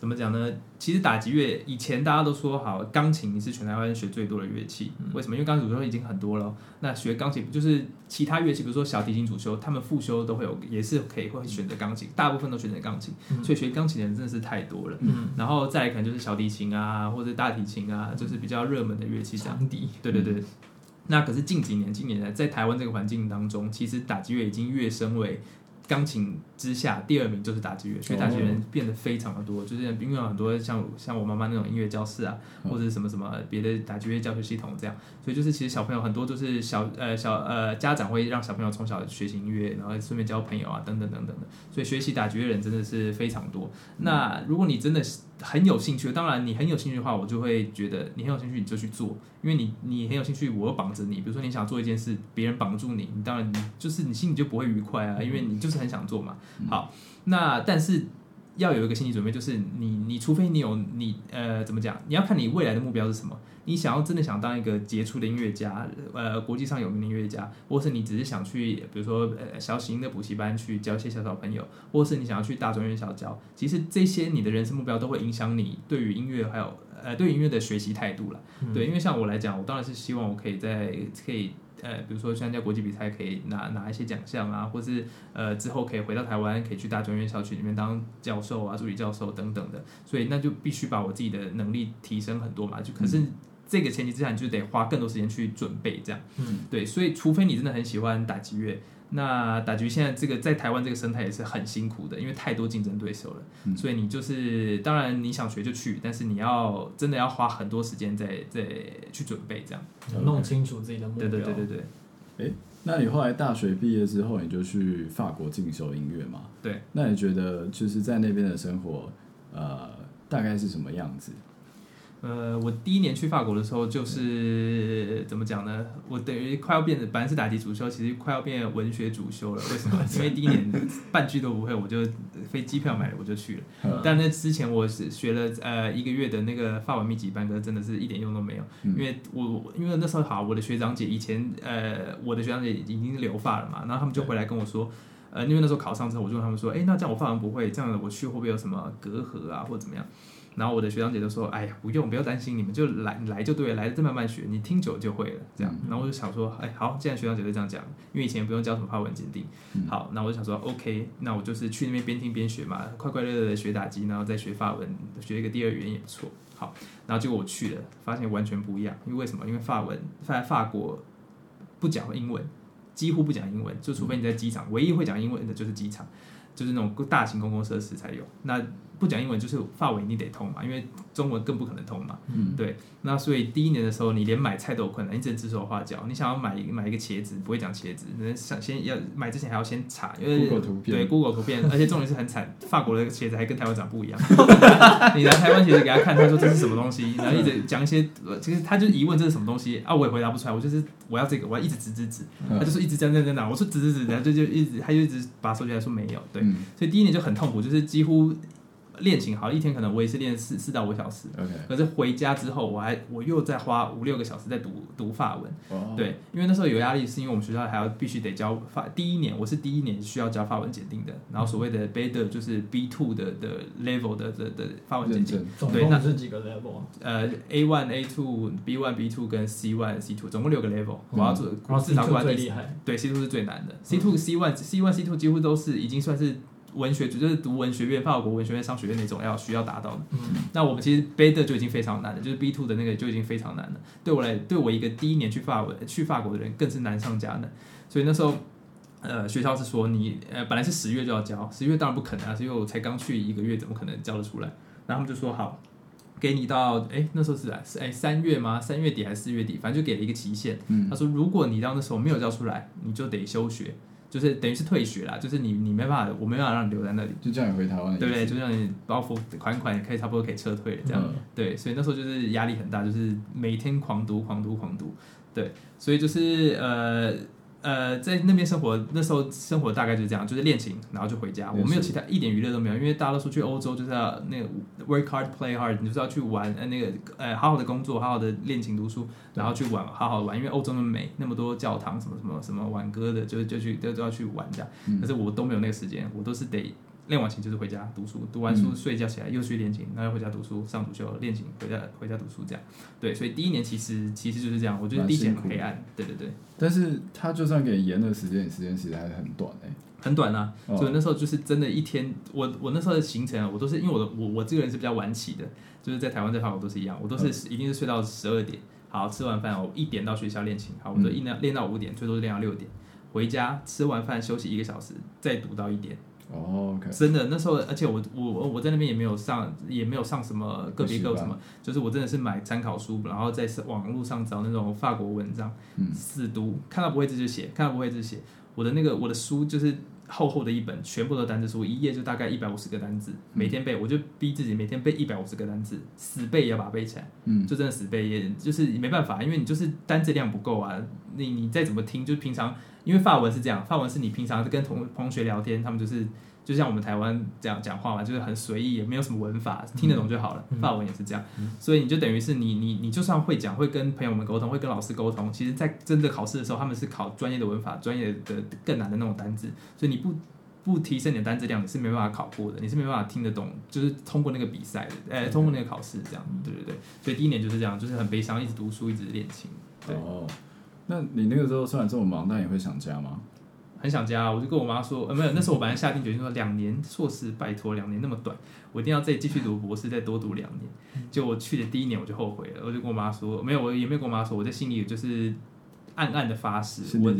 S3: 怎麼講呢？其實打擊樂以前大家都說好，鋼琴是全台灣學最多的樂器。嗯、為什麼？因為鋼琴主修已經很多了。那學鋼琴就是其他樂器，比如說小提琴主修，他們副修都會有，也是可以會選擇鋼琴，嗯、大部分都選擇鋼琴。嗯、所以學鋼琴的人真的是太多了。嗯、然後再來可能就是小提琴啊，或者大提琴啊，就是比較熱門的樂器。長笛、嗯，對對對。嗯、那可是近幾年，近年來在台灣這個環境當中，其實打擊樂已經躍升為，鋼琴之下，第二名就是打擊樂，所以打擊樂人變得非常的多，就是因為很多像像我媽媽那種音樂教室啊，或者什麼什麼別的打擊樂教學系統這樣，所以就是其實小朋友很多都是小呃小呃家長會讓小朋友從小學習音樂，然後順便交朋友啊等等等等的，所以學習打擊樂人真的是非常多。那如果你真的是。很有興趣，當然你很有興趣的話，我就會覺得你很有興趣，你就去做，因為你你很有興趣，我綁着你。比如說你想做一件事，別人綁住你，你當然就是你心裡就不會愉快啊，嗯，因為你就是很想做嘛。嗯，好，那但是要有一個心理準備，就是你你除非你有你呃怎麼講，你要看你未來的目標是什麼。你想要真的想當一個傑出的音樂家，呃，國際上有名的音樂家，或是你只是想去，比如說，呃，小型的補習班去教一些小小朋友，或是你想要去大專院校教，其實這些你的人生目標都會影響你對於音樂還有。呃，對音樂的學習態度了，嗯、對，因為像我來講，我當然是希望我可以在可以呃，比如說參加國際比賽，可以拿拿一些獎項啊，或是呃之後可以回到台灣，可以去大專院校去裡面當教授啊，助理教授等等的，所以那就必須把我自己的能力提升很多嘛，就、嗯、可是這個前提之下，你就得花更多時間去準備這樣，嗯、對，所以除非你真的很喜歡打擊樂。那打擊樂現在這個在台灣這個生態也是很辛苦的，因為太多競爭對手了，嗯、所以你就是當然你想學就去，但是你要真的要花很多時間在在去準備，這樣弄清楚自己的目標。對對對對對。哎，
S2: 那你後來大學畢業之後，你就去法國進修音樂嗎？對。那你覺得就是在那邊的生活，呃，大概是什麼樣子？
S3: 呃，我第一年去法國的時候，就是對怎麼講呢？我等於快要變，本來是打擊主修，其實快要變文學主修了。為什麼？因為第一年半句都不會， 我就飛機票買了，我就去了。嗯、但那之前我是學了呃一個月的那個法文密集班，哥真的是一點用都沒有。嗯、因為我因為那時候好，我的學長姐以前呃我的學長姐已經留法了嘛，然後他們就回來跟我說，對呃，因為那時候考上之後，我就跟他們說，哎，那這樣我法文不會，這樣的我去會不會有什麼隔閡啊，或者怎麼樣？然後我的學長姐就說：“哎呀，不用，不要擔心，你們就來，來就對了，來得這慢慢學，你聽久就會了。”這樣，然後我就想說：“哎，好，既然學長姐都這樣講，因為以前不用教什麼法文鑑定。嗯”好，那我就想說：“OK，那我就是去那邊邊聽邊學嘛，快快樂樂的學打擊，然後再學法文，學一個第二語言也不錯。”好，然後結果我去了，發現完全不一樣。因為為什麼？因為法文在法國不講英文，幾乎不講英文，就除非你在機場，唯一會講英文的就是機場。就是那種大型公共設施才有。那不講英文，就是法文你得通嘛，因為中文更不可能通嘛。嗯。對。那所以第一年的時候，你連買菜都有困難，一直指手畫腳。你想要買一買一個茄子，不會講茄子，你能想先要買之前還要先查，因為 Google 圖片，對 Google 圖片。 而且重點是很慘，法國的茄子還跟台灣長不一樣。 你拿台灣茄子給他看，他說這是什麼東西？然後一直講一些，其實，他就疑問這是什麼東西。啊，我也回答不出來。我就是我要這個，我要一直指指指。嗯、他就說一直這樣，這樣這樣這樣。我說指指指，然後就就一直，他就一直把手舉起來說沒有。對。嗯，所以第一年就很痛苦，就是幾乎。練琴好了一天，可能我也是練四四到五小時。Okay. 可是回家之後，我還我又再花五六個小時在讀讀法文。哦。Wow. 對，因為那時候有壓力，是因為我們學校還要必須得交法。第一年我是第一年需要交法文檢定的，然後所謂的 Beder 就是 B two 的的 level 的的的，的法文檢定。嗯、對總共是幾個 level？呃，A one、A two、B one、B two 跟 C one、C two，總共六個 level、嗯。我要做。然後管理最厲害。對，C two 是最難的。C two、嗯、C one、C one、C two 幾乎都是已經算是。文學就是讀文學院、法國文學院、商學院那種要需要達到的。嗯，那我們其實 B two 就已經非常難了，就是 B two 的那個就已經非常難了。對我來，對我一個第一年去法文、去法國的人更是難上加難。所以那時候，呃，學校是說你呃本來是十月就要交，十月當然不可能啊，因為我才剛去一個月，怎麼可能交得出來？然後他們就說好，給你到哎那時候是啊是哎三月嗎？三月底還是四月底？反正就給了一個期限。嗯，他說如果你到那時候沒有交出來，你就得休學。就是等於是退學啦，就是你你沒辦法的，我沒辦法讓你留在那裡，就叫你回台灣，對不對？就讓你包袱款款也可以差不多可以撤退這樣，嗯、對，所以那時候就是壓力很大，就是每天狂讀狂讀狂讀，對，所以就是呃。呃，在那邊生活，那時候生活大概就是這樣，就是練琴，然後就回家。是我沒有其他一點娛樂都沒有，因為大多數去歐洲就是要那個 work hard play hard，你就是要去玩，呃那個呃好好的工作，好好的練琴讀書，然後去玩好好玩，因為歐洲那麼美，那麼多教堂什麼什麼什麼玩歌的，就就去都都要去玩的。嗯、可是我都沒有那個時間，我都是得。練完琴就是回家讀書，讀完書睡覺起來又去練琴，嗯、然後又回家讀書，上主修練琴，回家回家讀書這樣。對，所以第一年其實其實就是這樣，我覺得第一年很黑暗。對對對。但是他就算給你延的時間，對時間其實還是很短哎、欸，很短啊。就哇那時候就是真的，一天我我那時候的行程，我都是因為我的我我這個人是比較晚起的，就是在台灣這塊我都是一樣，我都是一定是睡到十二點，好吃完飯我一點到學校練琴，好，我就一練到點、嗯、就練到五點，最多練到六點，回家吃完飯休息一個小時，再讀到一點。哦，oh, okay. 真的，那時候，而且我我我在那邊也沒有上，也沒有上什麼個別課什麼，就是我真的是買參考書，然後在網路上找那種法國文章，死讀、嗯，看到不會字就寫，看到不會字就寫。我的那個我的書就是厚厚的一本，全部都單字書，一頁就大概一百五十個單字。每天背，嗯、我就逼自己每天背一百五十個單字，死背也要把它背起來，嗯、就真的死背，也就是也沒辦法，因為你就是單字量不夠啊，你你再怎麼聽，就平常。因為法文是這樣，法文是你平常跟同同學聊天，他們就是就像我們台灣這樣講話嘛，就是很隨意，也沒有什麼文法，聽得懂就好了。嗯、法文也是這樣，嗯、所以你就等於是你你你就算會講，會跟朋友們溝通，會跟老師溝通，其實在真的考試的時候，他們是考專業的文法，專業的更難的那種單詞，所以你不不提升你的單詞量，你是沒辦法考過的，你是沒辦法聽得懂，就是通過那個比賽、嗯哎、通過那個考試這樣，對對對。所以第一年就是這樣，就是很悲傷，一直讀書，一直練琴，對。哦
S2: 那你那個時候雖然這麼忙，但你會想家嗎？
S3: 很想家。啊，我就跟我媽說，呃、啊，沒有，那時候我本來下定決心說，兩年碩士拜託，兩年那麼短，我一定要再繼續讀博士， 再多讀兩年。就我去的第一年，我就後悔了，我就跟我媽說，沒有，我也沒跟我媽說，我在心裡就是。暗暗的發誓，我我我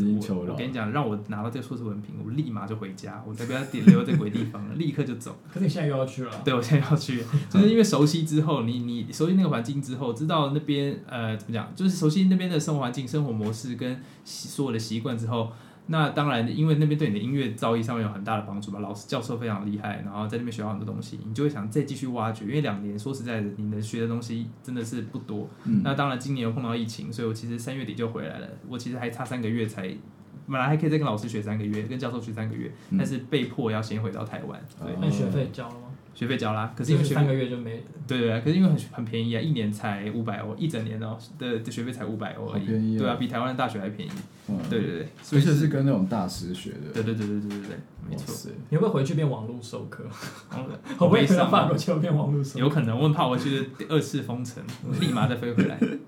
S3: 跟你講，讓我拿到這個碩士文憑，我立馬就回家，我才不要逗留在這鬼地方了， 立刻就走。可你現在又要去了？對，我現在要去， 就是因為熟悉之後，你你熟悉那個環境之後，知道那邊呃怎麼講，就是熟悉那邊的生活環境、生活模式跟習所有的習慣之後。那當然，因為那邊對你的音樂造詣上面有很大的幫助吧，老師教授非常厲害，然後在那邊學到很多東西，你就會想再繼續挖掘。因為兩年說實在的，你能學的東西真的是不多。嗯、那當然，今年有碰到疫情，所以我其實三月底就回來了。我其實還差三個月才，本來還可以再跟老師學三個月，跟教授學三個月，嗯、但是被迫要先回到台灣。對，那學費交了嗎？啊學費交啦，可是因為半個月就沒。對，對對，可是因為很很便宜啊，一年才五百歐，一整年的，喔、的學費才五百歐而已。啊對啊，比台灣的大學還便宜。嗯，對對對，所以就是跟那種大師學的。對對對對對對對，哦，是沒錯錯。
S1: 你會不會回去變網絡授課？我不 會上，啊、 法國去變網絡授課。有可
S3: 能，我怕回去就二次封
S1: 城，我 立馬再飛回來。對。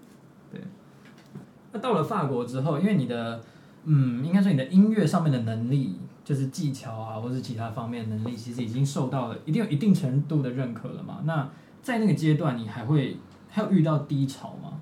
S1: 那到了法國之後，因為你的嗯，應該說你的音樂上面的能力。就是技巧啊，或是其他方面的能力，其實已經受到了一定，有一定程度的認可了嘛。那在那個階段，你還會還有遇到低潮嗎？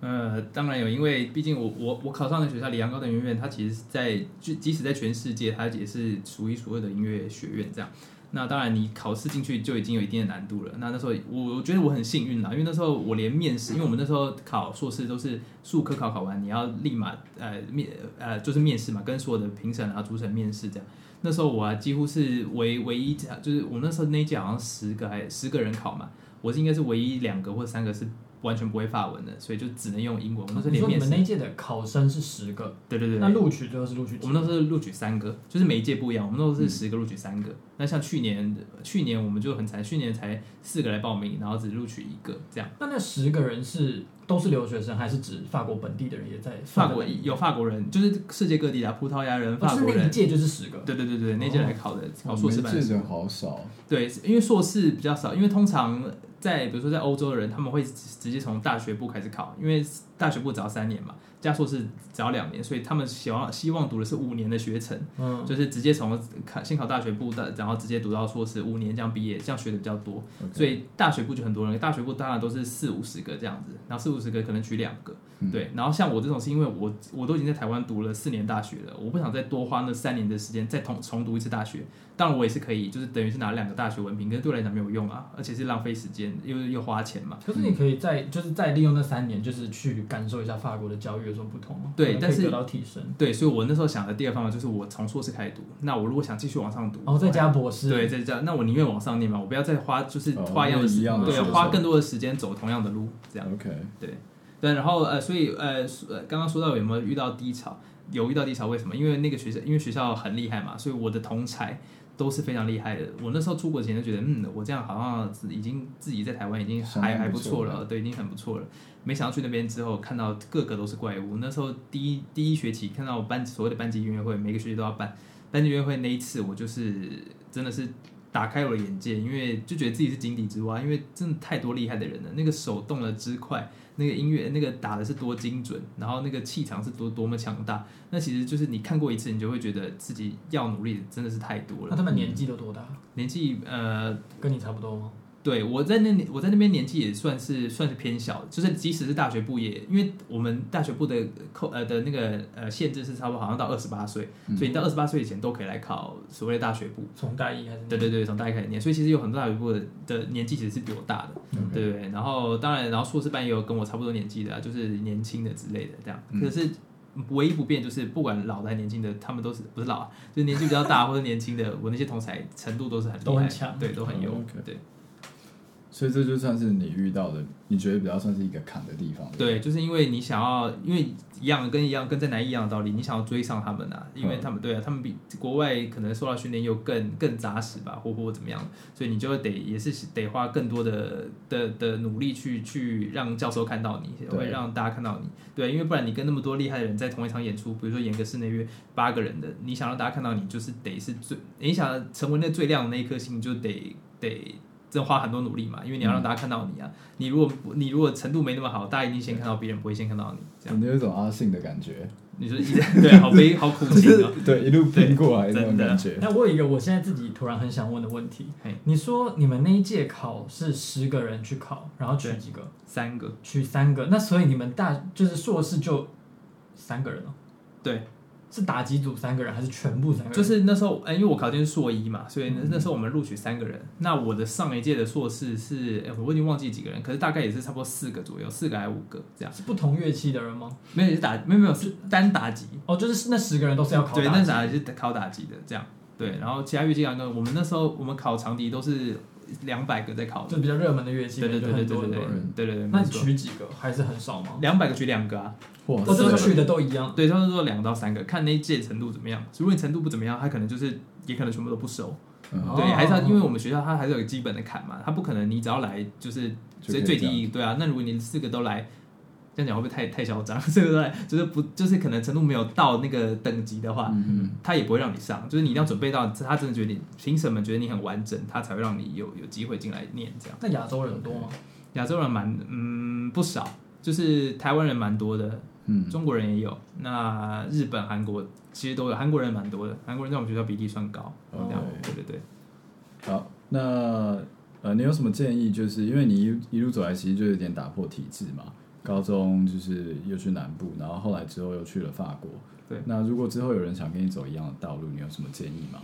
S3: 呃，當然有，因為畢竟我我我考上的學校里昂高等音樂院，它其實在，在就即使在全世界，它也是數一數二的音樂學院這樣。那當然，你考試進去就已經有一定的難度了。那那時候，我我覺得我很幸運啦，因為那時候我連面試，因為我們那時候考碩士都是術科考考完，你要立馬呃面呃就是面試嘛，跟所有的評審啊、主審面試這樣。那時候我、啊、幾乎是唯唯一，就是我那時候那一屆好像十個還十個人考嘛，我是應該是唯一兩個或三個是。完全不會法文的，所以就只能用英文。啊、我們是你說我們那屆的
S1: 考生是十個，
S3: 對對對。那錄取就是錄取幾個？我們都是錄取三個，就是每一屆不一樣，我們都是十個錄取三個。嗯、那像去年的，去年我們就很慘，去年才四個來報名，然後只錄取一個這樣。那那十個人是
S1: 都是留學生，還是指法國本地的人也在？法國裏
S3: 有法國人，就是世界各地的、啊、葡萄牙人、法國人。哦就是、那一屆就是十個，對，對對對對，那屆來考的、哦、考碩士班、哦、的人好少。對，因為碩士比較少，因為通常。在比如說在歐洲的人，他們會直接從大學部開始考，因為大學部只要三年嘛，加碩士只要兩年，所以他們希望希望讀的是五年的學程。嗯，就是直接從考先考大學部的，然後直接讀到碩士五年這樣畢業，這樣學的比較多，Okay. 所以大學部就很多人，大學部當然都是四五十個這樣子，然後四五十個可能取兩個。對，然後像我這種是因為我我都已經在台灣讀了四年大學了，我不想再多花那三年的時間再重重讀一次大學。當然我也是可以，就是等於是拿兩個大學文憑，可是對我來講沒有用啊，而且是浪費時間又又花錢嘛。可是你可以
S1: 再就是再利用那三年，就是去感受一下法國的教育有什麼不同，對，可可但是得到提升。
S3: 對，所以我那時候想的第二方法就是我從碩士開始讀。那我如果想繼續往上讀，然後再加博士，對，再加。那我寧願往上念嘛，我不要再花就是、哦、花樣一樣的時間，對，花更多的時間走同樣的路，這樣 OK、哦、對。對，然後呃，所以呃，剛剛說到有沒有遇到低潮？有遇到低潮，為什麼？因為那個學校，因為學校很厲害嘛，所以我的同儕都是非常厲害的。我那時候出國前就覺得，嗯，我這樣好像已經自己在台灣已經還還不錯了，對，已經很不錯了。沒想到去那邊之後，看到各個都是怪物。那時候第一第一學期看到班所謂的班級音樂會，每個學期都要辦班，班級音樂會，那一次我就是真的是打開我的眼界，因為就覺得自己是井底之蛙，因為真的太多厲害的人了，那個手動的之快。那個音樂，那個打的是多精準，然後那個氣場是多多麼強大，那其實就是你看過一次，你就會覺得自己要努力的真的是太多了。那他，他們年紀都多大？年紀呃，跟你差不多嗎？對，我在那我在那邊年紀也算是算是偏小，就是即使是大學部也，因為我們大學部的扣呃的那個呃限制是差不多，好像到二十八歲，嗯、所以你到二十八歲以前都可以來考所謂的大學部。從大一還是？對對對，從大一開始念，所以其實有很多大學部的的年紀其實是比我大的，對不 Okay. 對？然後當然，然後碩士班也有跟我差不多年紀的、啊，就是年輕的之類的這樣。嗯、可是唯一不變就是，不管老的還年輕的，他們都是不是老啊，就是年紀比較大或者年輕的， 我那些同學程度都是很都很強，對，都很優，Okay. 對。
S2: 所以這就算是你遇到的，你覺得比較算是一個坎的地方。
S3: 對，對，就是因為你想要，因為一樣跟一樣跟這男一一樣的道理，你想要追上他們啊，因為他們、嗯、對啊，他們比國外可能受到訓練又更更扎實吧，或或怎麼樣，所以你就得也是得花更多的的的努力去去讓教授看到你，對會讓大家看到你，對、啊，因為不然你跟那麼多厲害的人在同一場演出，比如說演個室內樂八個人的，你想讓大家看到你，就是得是最你想成為那最亮的那一顆星，就得得。這花很多努力嘛，因為你要讓大家看到你啊。你如果你如果程度沒那麼好，大家一定先看到別人，的不會先看到你。這
S2: 樣，你有一種阿信的感覺，你就一直對，好悲
S3: 好苦心啊，就是、對，一路拼過來那對種感覺。
S1: 那我有一個，我現在自己突然很想問的問題。嘿，你說你們那一屆考是十個人去考，然後取幾個？三個，取三個。那所以你們大就是碩士就三個人了、哦，對。是打擊組三個人還是全部三個人？就是那時候，哎，因為我考的是碩一嘛，所以那那時候
S3: 我們錄取三個人。嗯、那我的上一屆的碩士是誒我已經忘記幾個人，可是大概也是差不多四個左右，四個還是五個這樣。是不同樂器的人嗎？沒有，是打沒有沒有是就單打擊哦，就是那十個人都是要考打擊，對，那時候還是考打擊的這樣對，然後其他樂器兩個，我們那時候我們考長笛都是。兩百個在考，就比較熱門的樂器，對對對對對對對對對，那你取
S1: 幾個，還是很少嗎？
S3: 兩百個取兩個啊！哇、哦，者這邊取的都一樣。對他就說兩到三個，看那一屆程度怎麼樣。如果你程度不怎麼樣，他可能就是，也可能全部都不收。嗯、對，還是要因為我們學校他還是有基本的坎嘛，他不可能你只要來就是最最最低一對啊。那如果你四個都來。這樣講會不會太太囂張？是不是？就是不，就是可能程度沒有到那個等級的話，他、嗯嗯、也不會讓你上。就是你一定要準備到，他真的覺得你評審們覺得你很完整，他才會讓你有有機會進來念這樣。那亞洲人多嗎？亞 Okay. 洲人蠻嗯不少，就是台灣人蠻多的，
S1: 嗯，
S3: 中國人也有。那日本、韓國其實都有，韓國人蠻多的，韓國人在我們學校比例算高。對對、oh、對。
S2: Okay. 好，那呃，你有什麼建議？就是因為你一一路走來，其實就有點打破體制嘛。高中就是又去南部，然後後來之後又去了法國。對，那如果之後有人想跟你走一樣的道路，你有什麼建議嗎？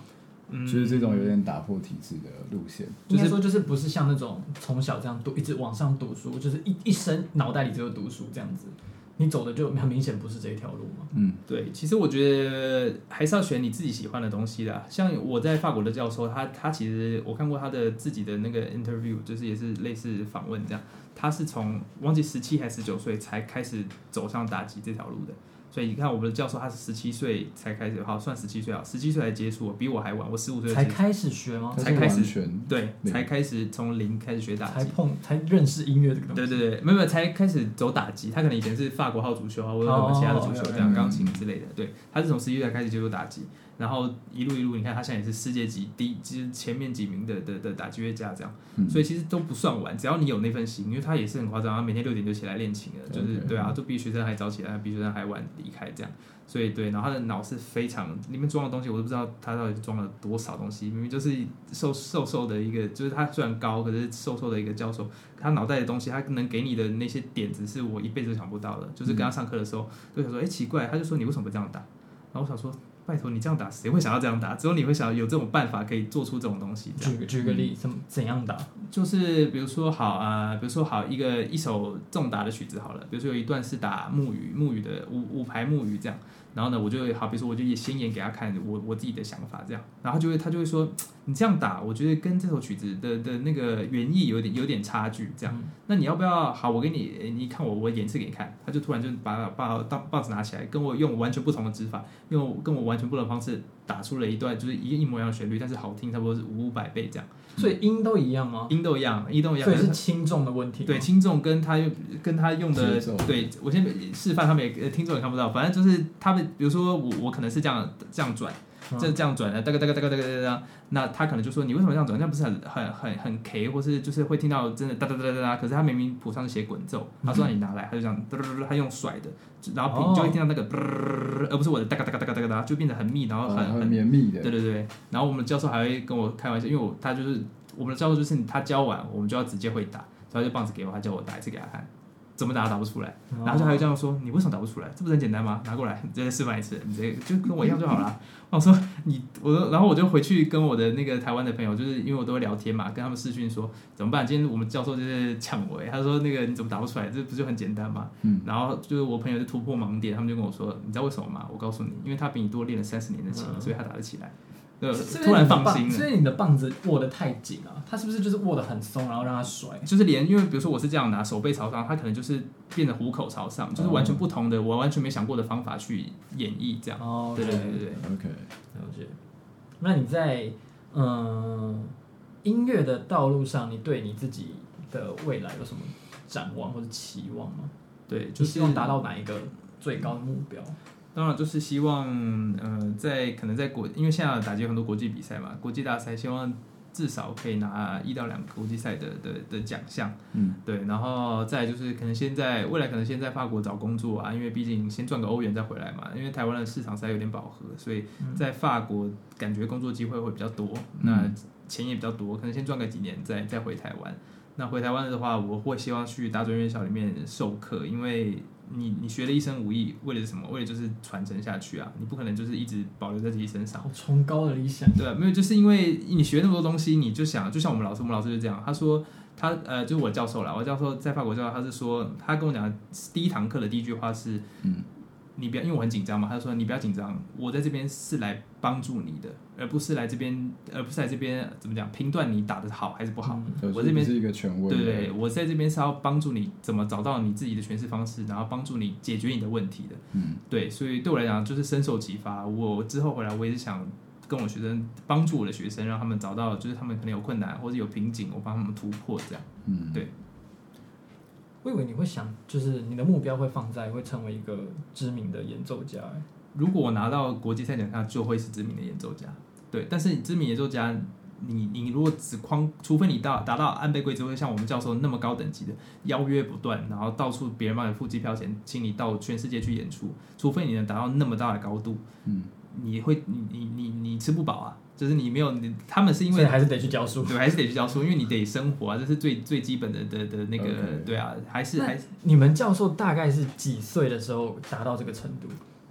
S2: 嗯，就是這種有點打破體制的路線，就是說
S1: 就是不是像那種從小這樣讀，一直往上讀書，就是一一生腦袋裡只有讀書這樣子。你走的就比較明顯不是這一條路嘛。嗯，對，其
S3: 實我覺得還是要選你自己喜歡的東西的。像我在法國的教授，他他其實我看過他的自己的那個 interview，就是也是類似訪問這樣，他是從忘記十七還十九歲才開始走上打擊這條路的。所以你看，我們的教授他是十七歲才開始，好算十七歲啊，十七歲才接觸，比我還晚，我十五歲才開始學嗎？才開始，學，對，對才開始從零開始學打擊，才碰，才認識音樂這個東西。對對對，沒有沒有，才開始走打擊，他可能以前是法國號主修啊，或者什麼其他的主修這樣，鋼琴之類的，對，他是從十七歲才開始接觸打擊。然後一路一路，你看他現在也是世界級第一，其、就、實、是、前面幾名的的的，的打擊樂家這樣，嗯、所以其實都不算晚。只要你有那份心，因為他也是很誇張，他每天六點就起來練琴了，就是 okay, 對啊，都比、嗯、學生還早起來，比學生還晚離開這樣。所以對，然後他的腦是非常裡面裝的東西，我都不知道他到底裝了多少東西。明明就是瘦瘦瘦的一個，就是他雖然高，可是瘦瘦的一個教授，他腦袋的東西，他能給你的那些點子是我一輩子都想不到的。嗯、就是跟他上課的時候，就想說，哎，奇怪，他就說你為什麼不這樣打？然後我想說。拜托你這樣打，誰會想要這樣打？只有你會想有這種辦法可以做出這種東西
S1: 這樣。舉舉個例，
S3: 怎、嗯、怎樣打？就是比如說，好啊，比如說好一個一首重打的曲子好了，比如說有一段是打木魚，木魚的五五排木魚這樣。然後呢，我就好，比如說，我就也先演給他看我，我我自己的想法這樣，然後就會他就會說，你這樣打，我覺得跟這首曲子的的那個原意有點有點差距這樣，嗯、那你要不要好，我給你你看我我演示給你看，他就突然就把把把棒子拿起來，跟我用完全不同的指法，用跟我完全不同的方式。打出了一段，就是一個一模一樣的旋律，但是好聽，差不多是五百倍這樣，所以音都一樣嗎？音都一樣，音都一樣，所以是輕重的問題。對，輕重跟它用，跟它用的，是對，我先示範他們也，也聽眾也看不到，反正就是他們，比如說我，我可能是這樣這樣轉。就這樣轉的，噠嘎噠嘎噠嘎噠噠，那他可能就說你為什麼這樣轉？那不是很很很很 K，或是就是會聽到真的噠噠噠噠噠。可是他明明譜上是寫滾奏，他說讓你拿來，他就這樣噠噠噠，他用甩的，然後你就會聽到那個，哦，而不是我的噠噠噠嘎噠噠噠，就變得很密，然後很很綿密的。對對對，然後我們的教授還會跟我開玩笑，因為我他就是我們的教授就是他教完我們就要直接會打，所以就棒子給我，他叫我打一次給他看。怎麼打打不出來，oh. 然後就還有這樣說，你為什麼打不出來？這不是很簡單嗎？拿過來，你再示範一次，你這就跟我一樣就好了。我說你，我說，然後我就回去跟我的那個台灣的朋友，就是因為我都會聊天嘛，跟他們視訊說怎麼辦？今天我們教授就是嗆我。他說那個你怎麼打不出來？這不就很簡單嗎？嗯，然後就是我朋友就突破盲點，他們就跟我說，你知道為什麼嗎？我告訴你，因為他比你多練了三十年的琴，嗯，所以他打得起來。是是，突然放心了。所以你的
S1: 棒子握得太緊啊，他是不是就是握得很鬆，然後讓他甩？
S3: 就是連，因為比如說我是這樣拿，手背朝上，他可能就是變得虎口朝上，哦，就是完全不同的，我完全沒想過的方法去演繹這樣。
S1: 哦，okay, 對對對對，OK。了解。那你在嗯，音樂的道路上，你對你自己的未來有什麼展望或者期望嗎？對，就是希望達到哪一個最高的目標？當然，就是希
S3: 望，呃，在可能在國，因為現在打擊很多國際比賽嘛，國際大賽，希望至少可以拿一到兩個國際賽的的的獎項。嗯，對，然後再就是可能現在未來可能先在法國找工作啊，因為畢竟先賺個歐元再回來嘛，因為台灣的市場實在有點飽和，所以在法國感覺工作機會會比較多，嗯、那錢也比較多，可能先賺個幾年再再回台灣。那回台灣的話，我會希望去大專院,院校裡面授課，因為。你你學了一身武藝，為了是什麼？為了就是傳承下去啊！你不可能就是一直保留在自己身上。好崇高的理想，對，沒有，就是因為你學那麼多東西，你就想，就像我們老師，我們老師就這樣，他說他呃，就是我教授啦，我教授在法國教授，他是說他跟我講第一堂課的第一句話是，嗯。你不要，因為我很緊張嘛，他就說你不要緊張，我在這邊是來幫助你的，而不是來這邊，而不是來這邊，怎麼講，評斷你打得好還是不好。我這邊是一
S2: 個權威，對不對？對，對對對，
S3: 我在這邊是要幫助你怎麼找到你自己的詮釋方式，然後幫助你解決你的問題的。嗯，對，所以對我來講就是深受啟發。我之後回來，我也是想跟我學生幫助我的學生，讓他們找到就是他們可能有困難或者有瓶
S1: 頸，我幫他們突破這樣。嗯，對。我以為你會想，就是你的目標會放在會成為一個知名的演奏家。如果我
S3: 拿到國際賽獎，他就會是知名的演奏家。對，但是知名演奏家，你你如果只框，除非你到達到安倍圭子之位，像我們教授那麼高等級的邀約不斷，然後到處別人幫你付機票錢，請你到全世界去演出，除非你能達到那麼大的高度，嗯，你會你你你你吃不飽啊。就是你沒有，你他們是因為還是得去教書，對，還是得去教書，因為你得生活啊，這是最最基本的的的那個，Okay. 對啊，還是那還是
S1: 你們教授大概是幾歲的時候達到這個程度？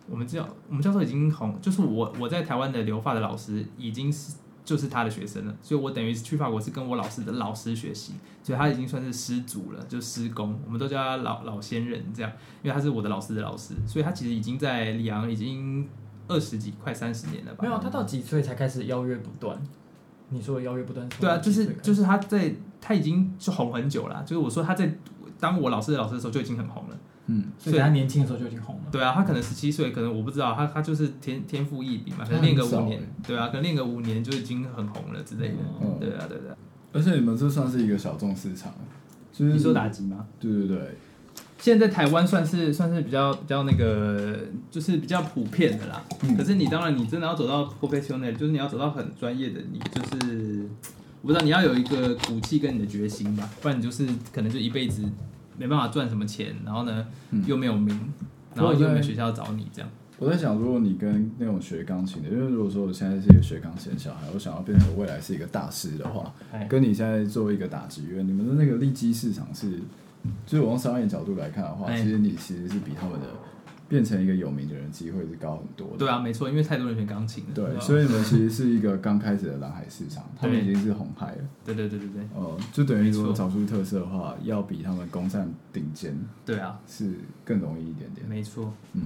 S1: 我們教我們教
S3: 授已經好，就是我我在台灣的留法的老師已經是就是他的學生了，所以我等於去法國是跟我老師的老師學習，所以他已經算是師祖了，就師公，我們都叫他老老先人這樣，因為他是我的老師的老師，所以他其實已經在里昂已經。二十幾快三十年了吧？沒有，他
S1: 到幾歲才開始邀約不斷、嗯？你說的邀約不斷，
S3: 對啊，就是就是他在他已經就紅很久了、啊。就是我說他在當我老師的老師的時候就已經很紅了。嗯，所以他年輕的時候就已經紅了。對啊，他可能十七歲，可能我不知道他他就是天天賦異稟嘛，可能練個五年，對啊，可能練個五年就已經很紅了之類的。嗯、對啊，對啊。
S2: 對啊，而且你們這算是一個小眾市場，就是你說打擊嗎？對對對。
S3: 現在在臺灣算是算是比較比較那個，就是比較普遍的啦。嗯、可是你當然你真的要走到 professional，就是你要走到很專業的你，你就是我不知道你要有一個武器跟你的決心吧，不然你就是可能就一輩子沒辦法賺什麼錢，然後呢、嗯、又沒有名，然後就沒有學校找你這樣。我
S2: 在，我在想，如果你跟那種學鋼琴的，因為如果說我現在是一個學鋼琴的小孩，我想要變成我未來是一個大師的話，唉跟你現在做一個打擊樂，因為你們的那個利基市場是？就是我從商業角度來看的話，欸、其實你其實是比他們的變成一個有名的人機會是高很多的。
S3: 對啊，沒錯，因為太多人學鋼琴了。對，對啊、所以你們其實
S2: 是一個剛開始的藍海市場，對他們已經是紅海了。
S3: 對對對對對。哦、呃，就等於說找
S2: 出特色的話，錯要比他們攻佔頂尖。對啊。是更容易一點點。啊、沒錯錯。嗯。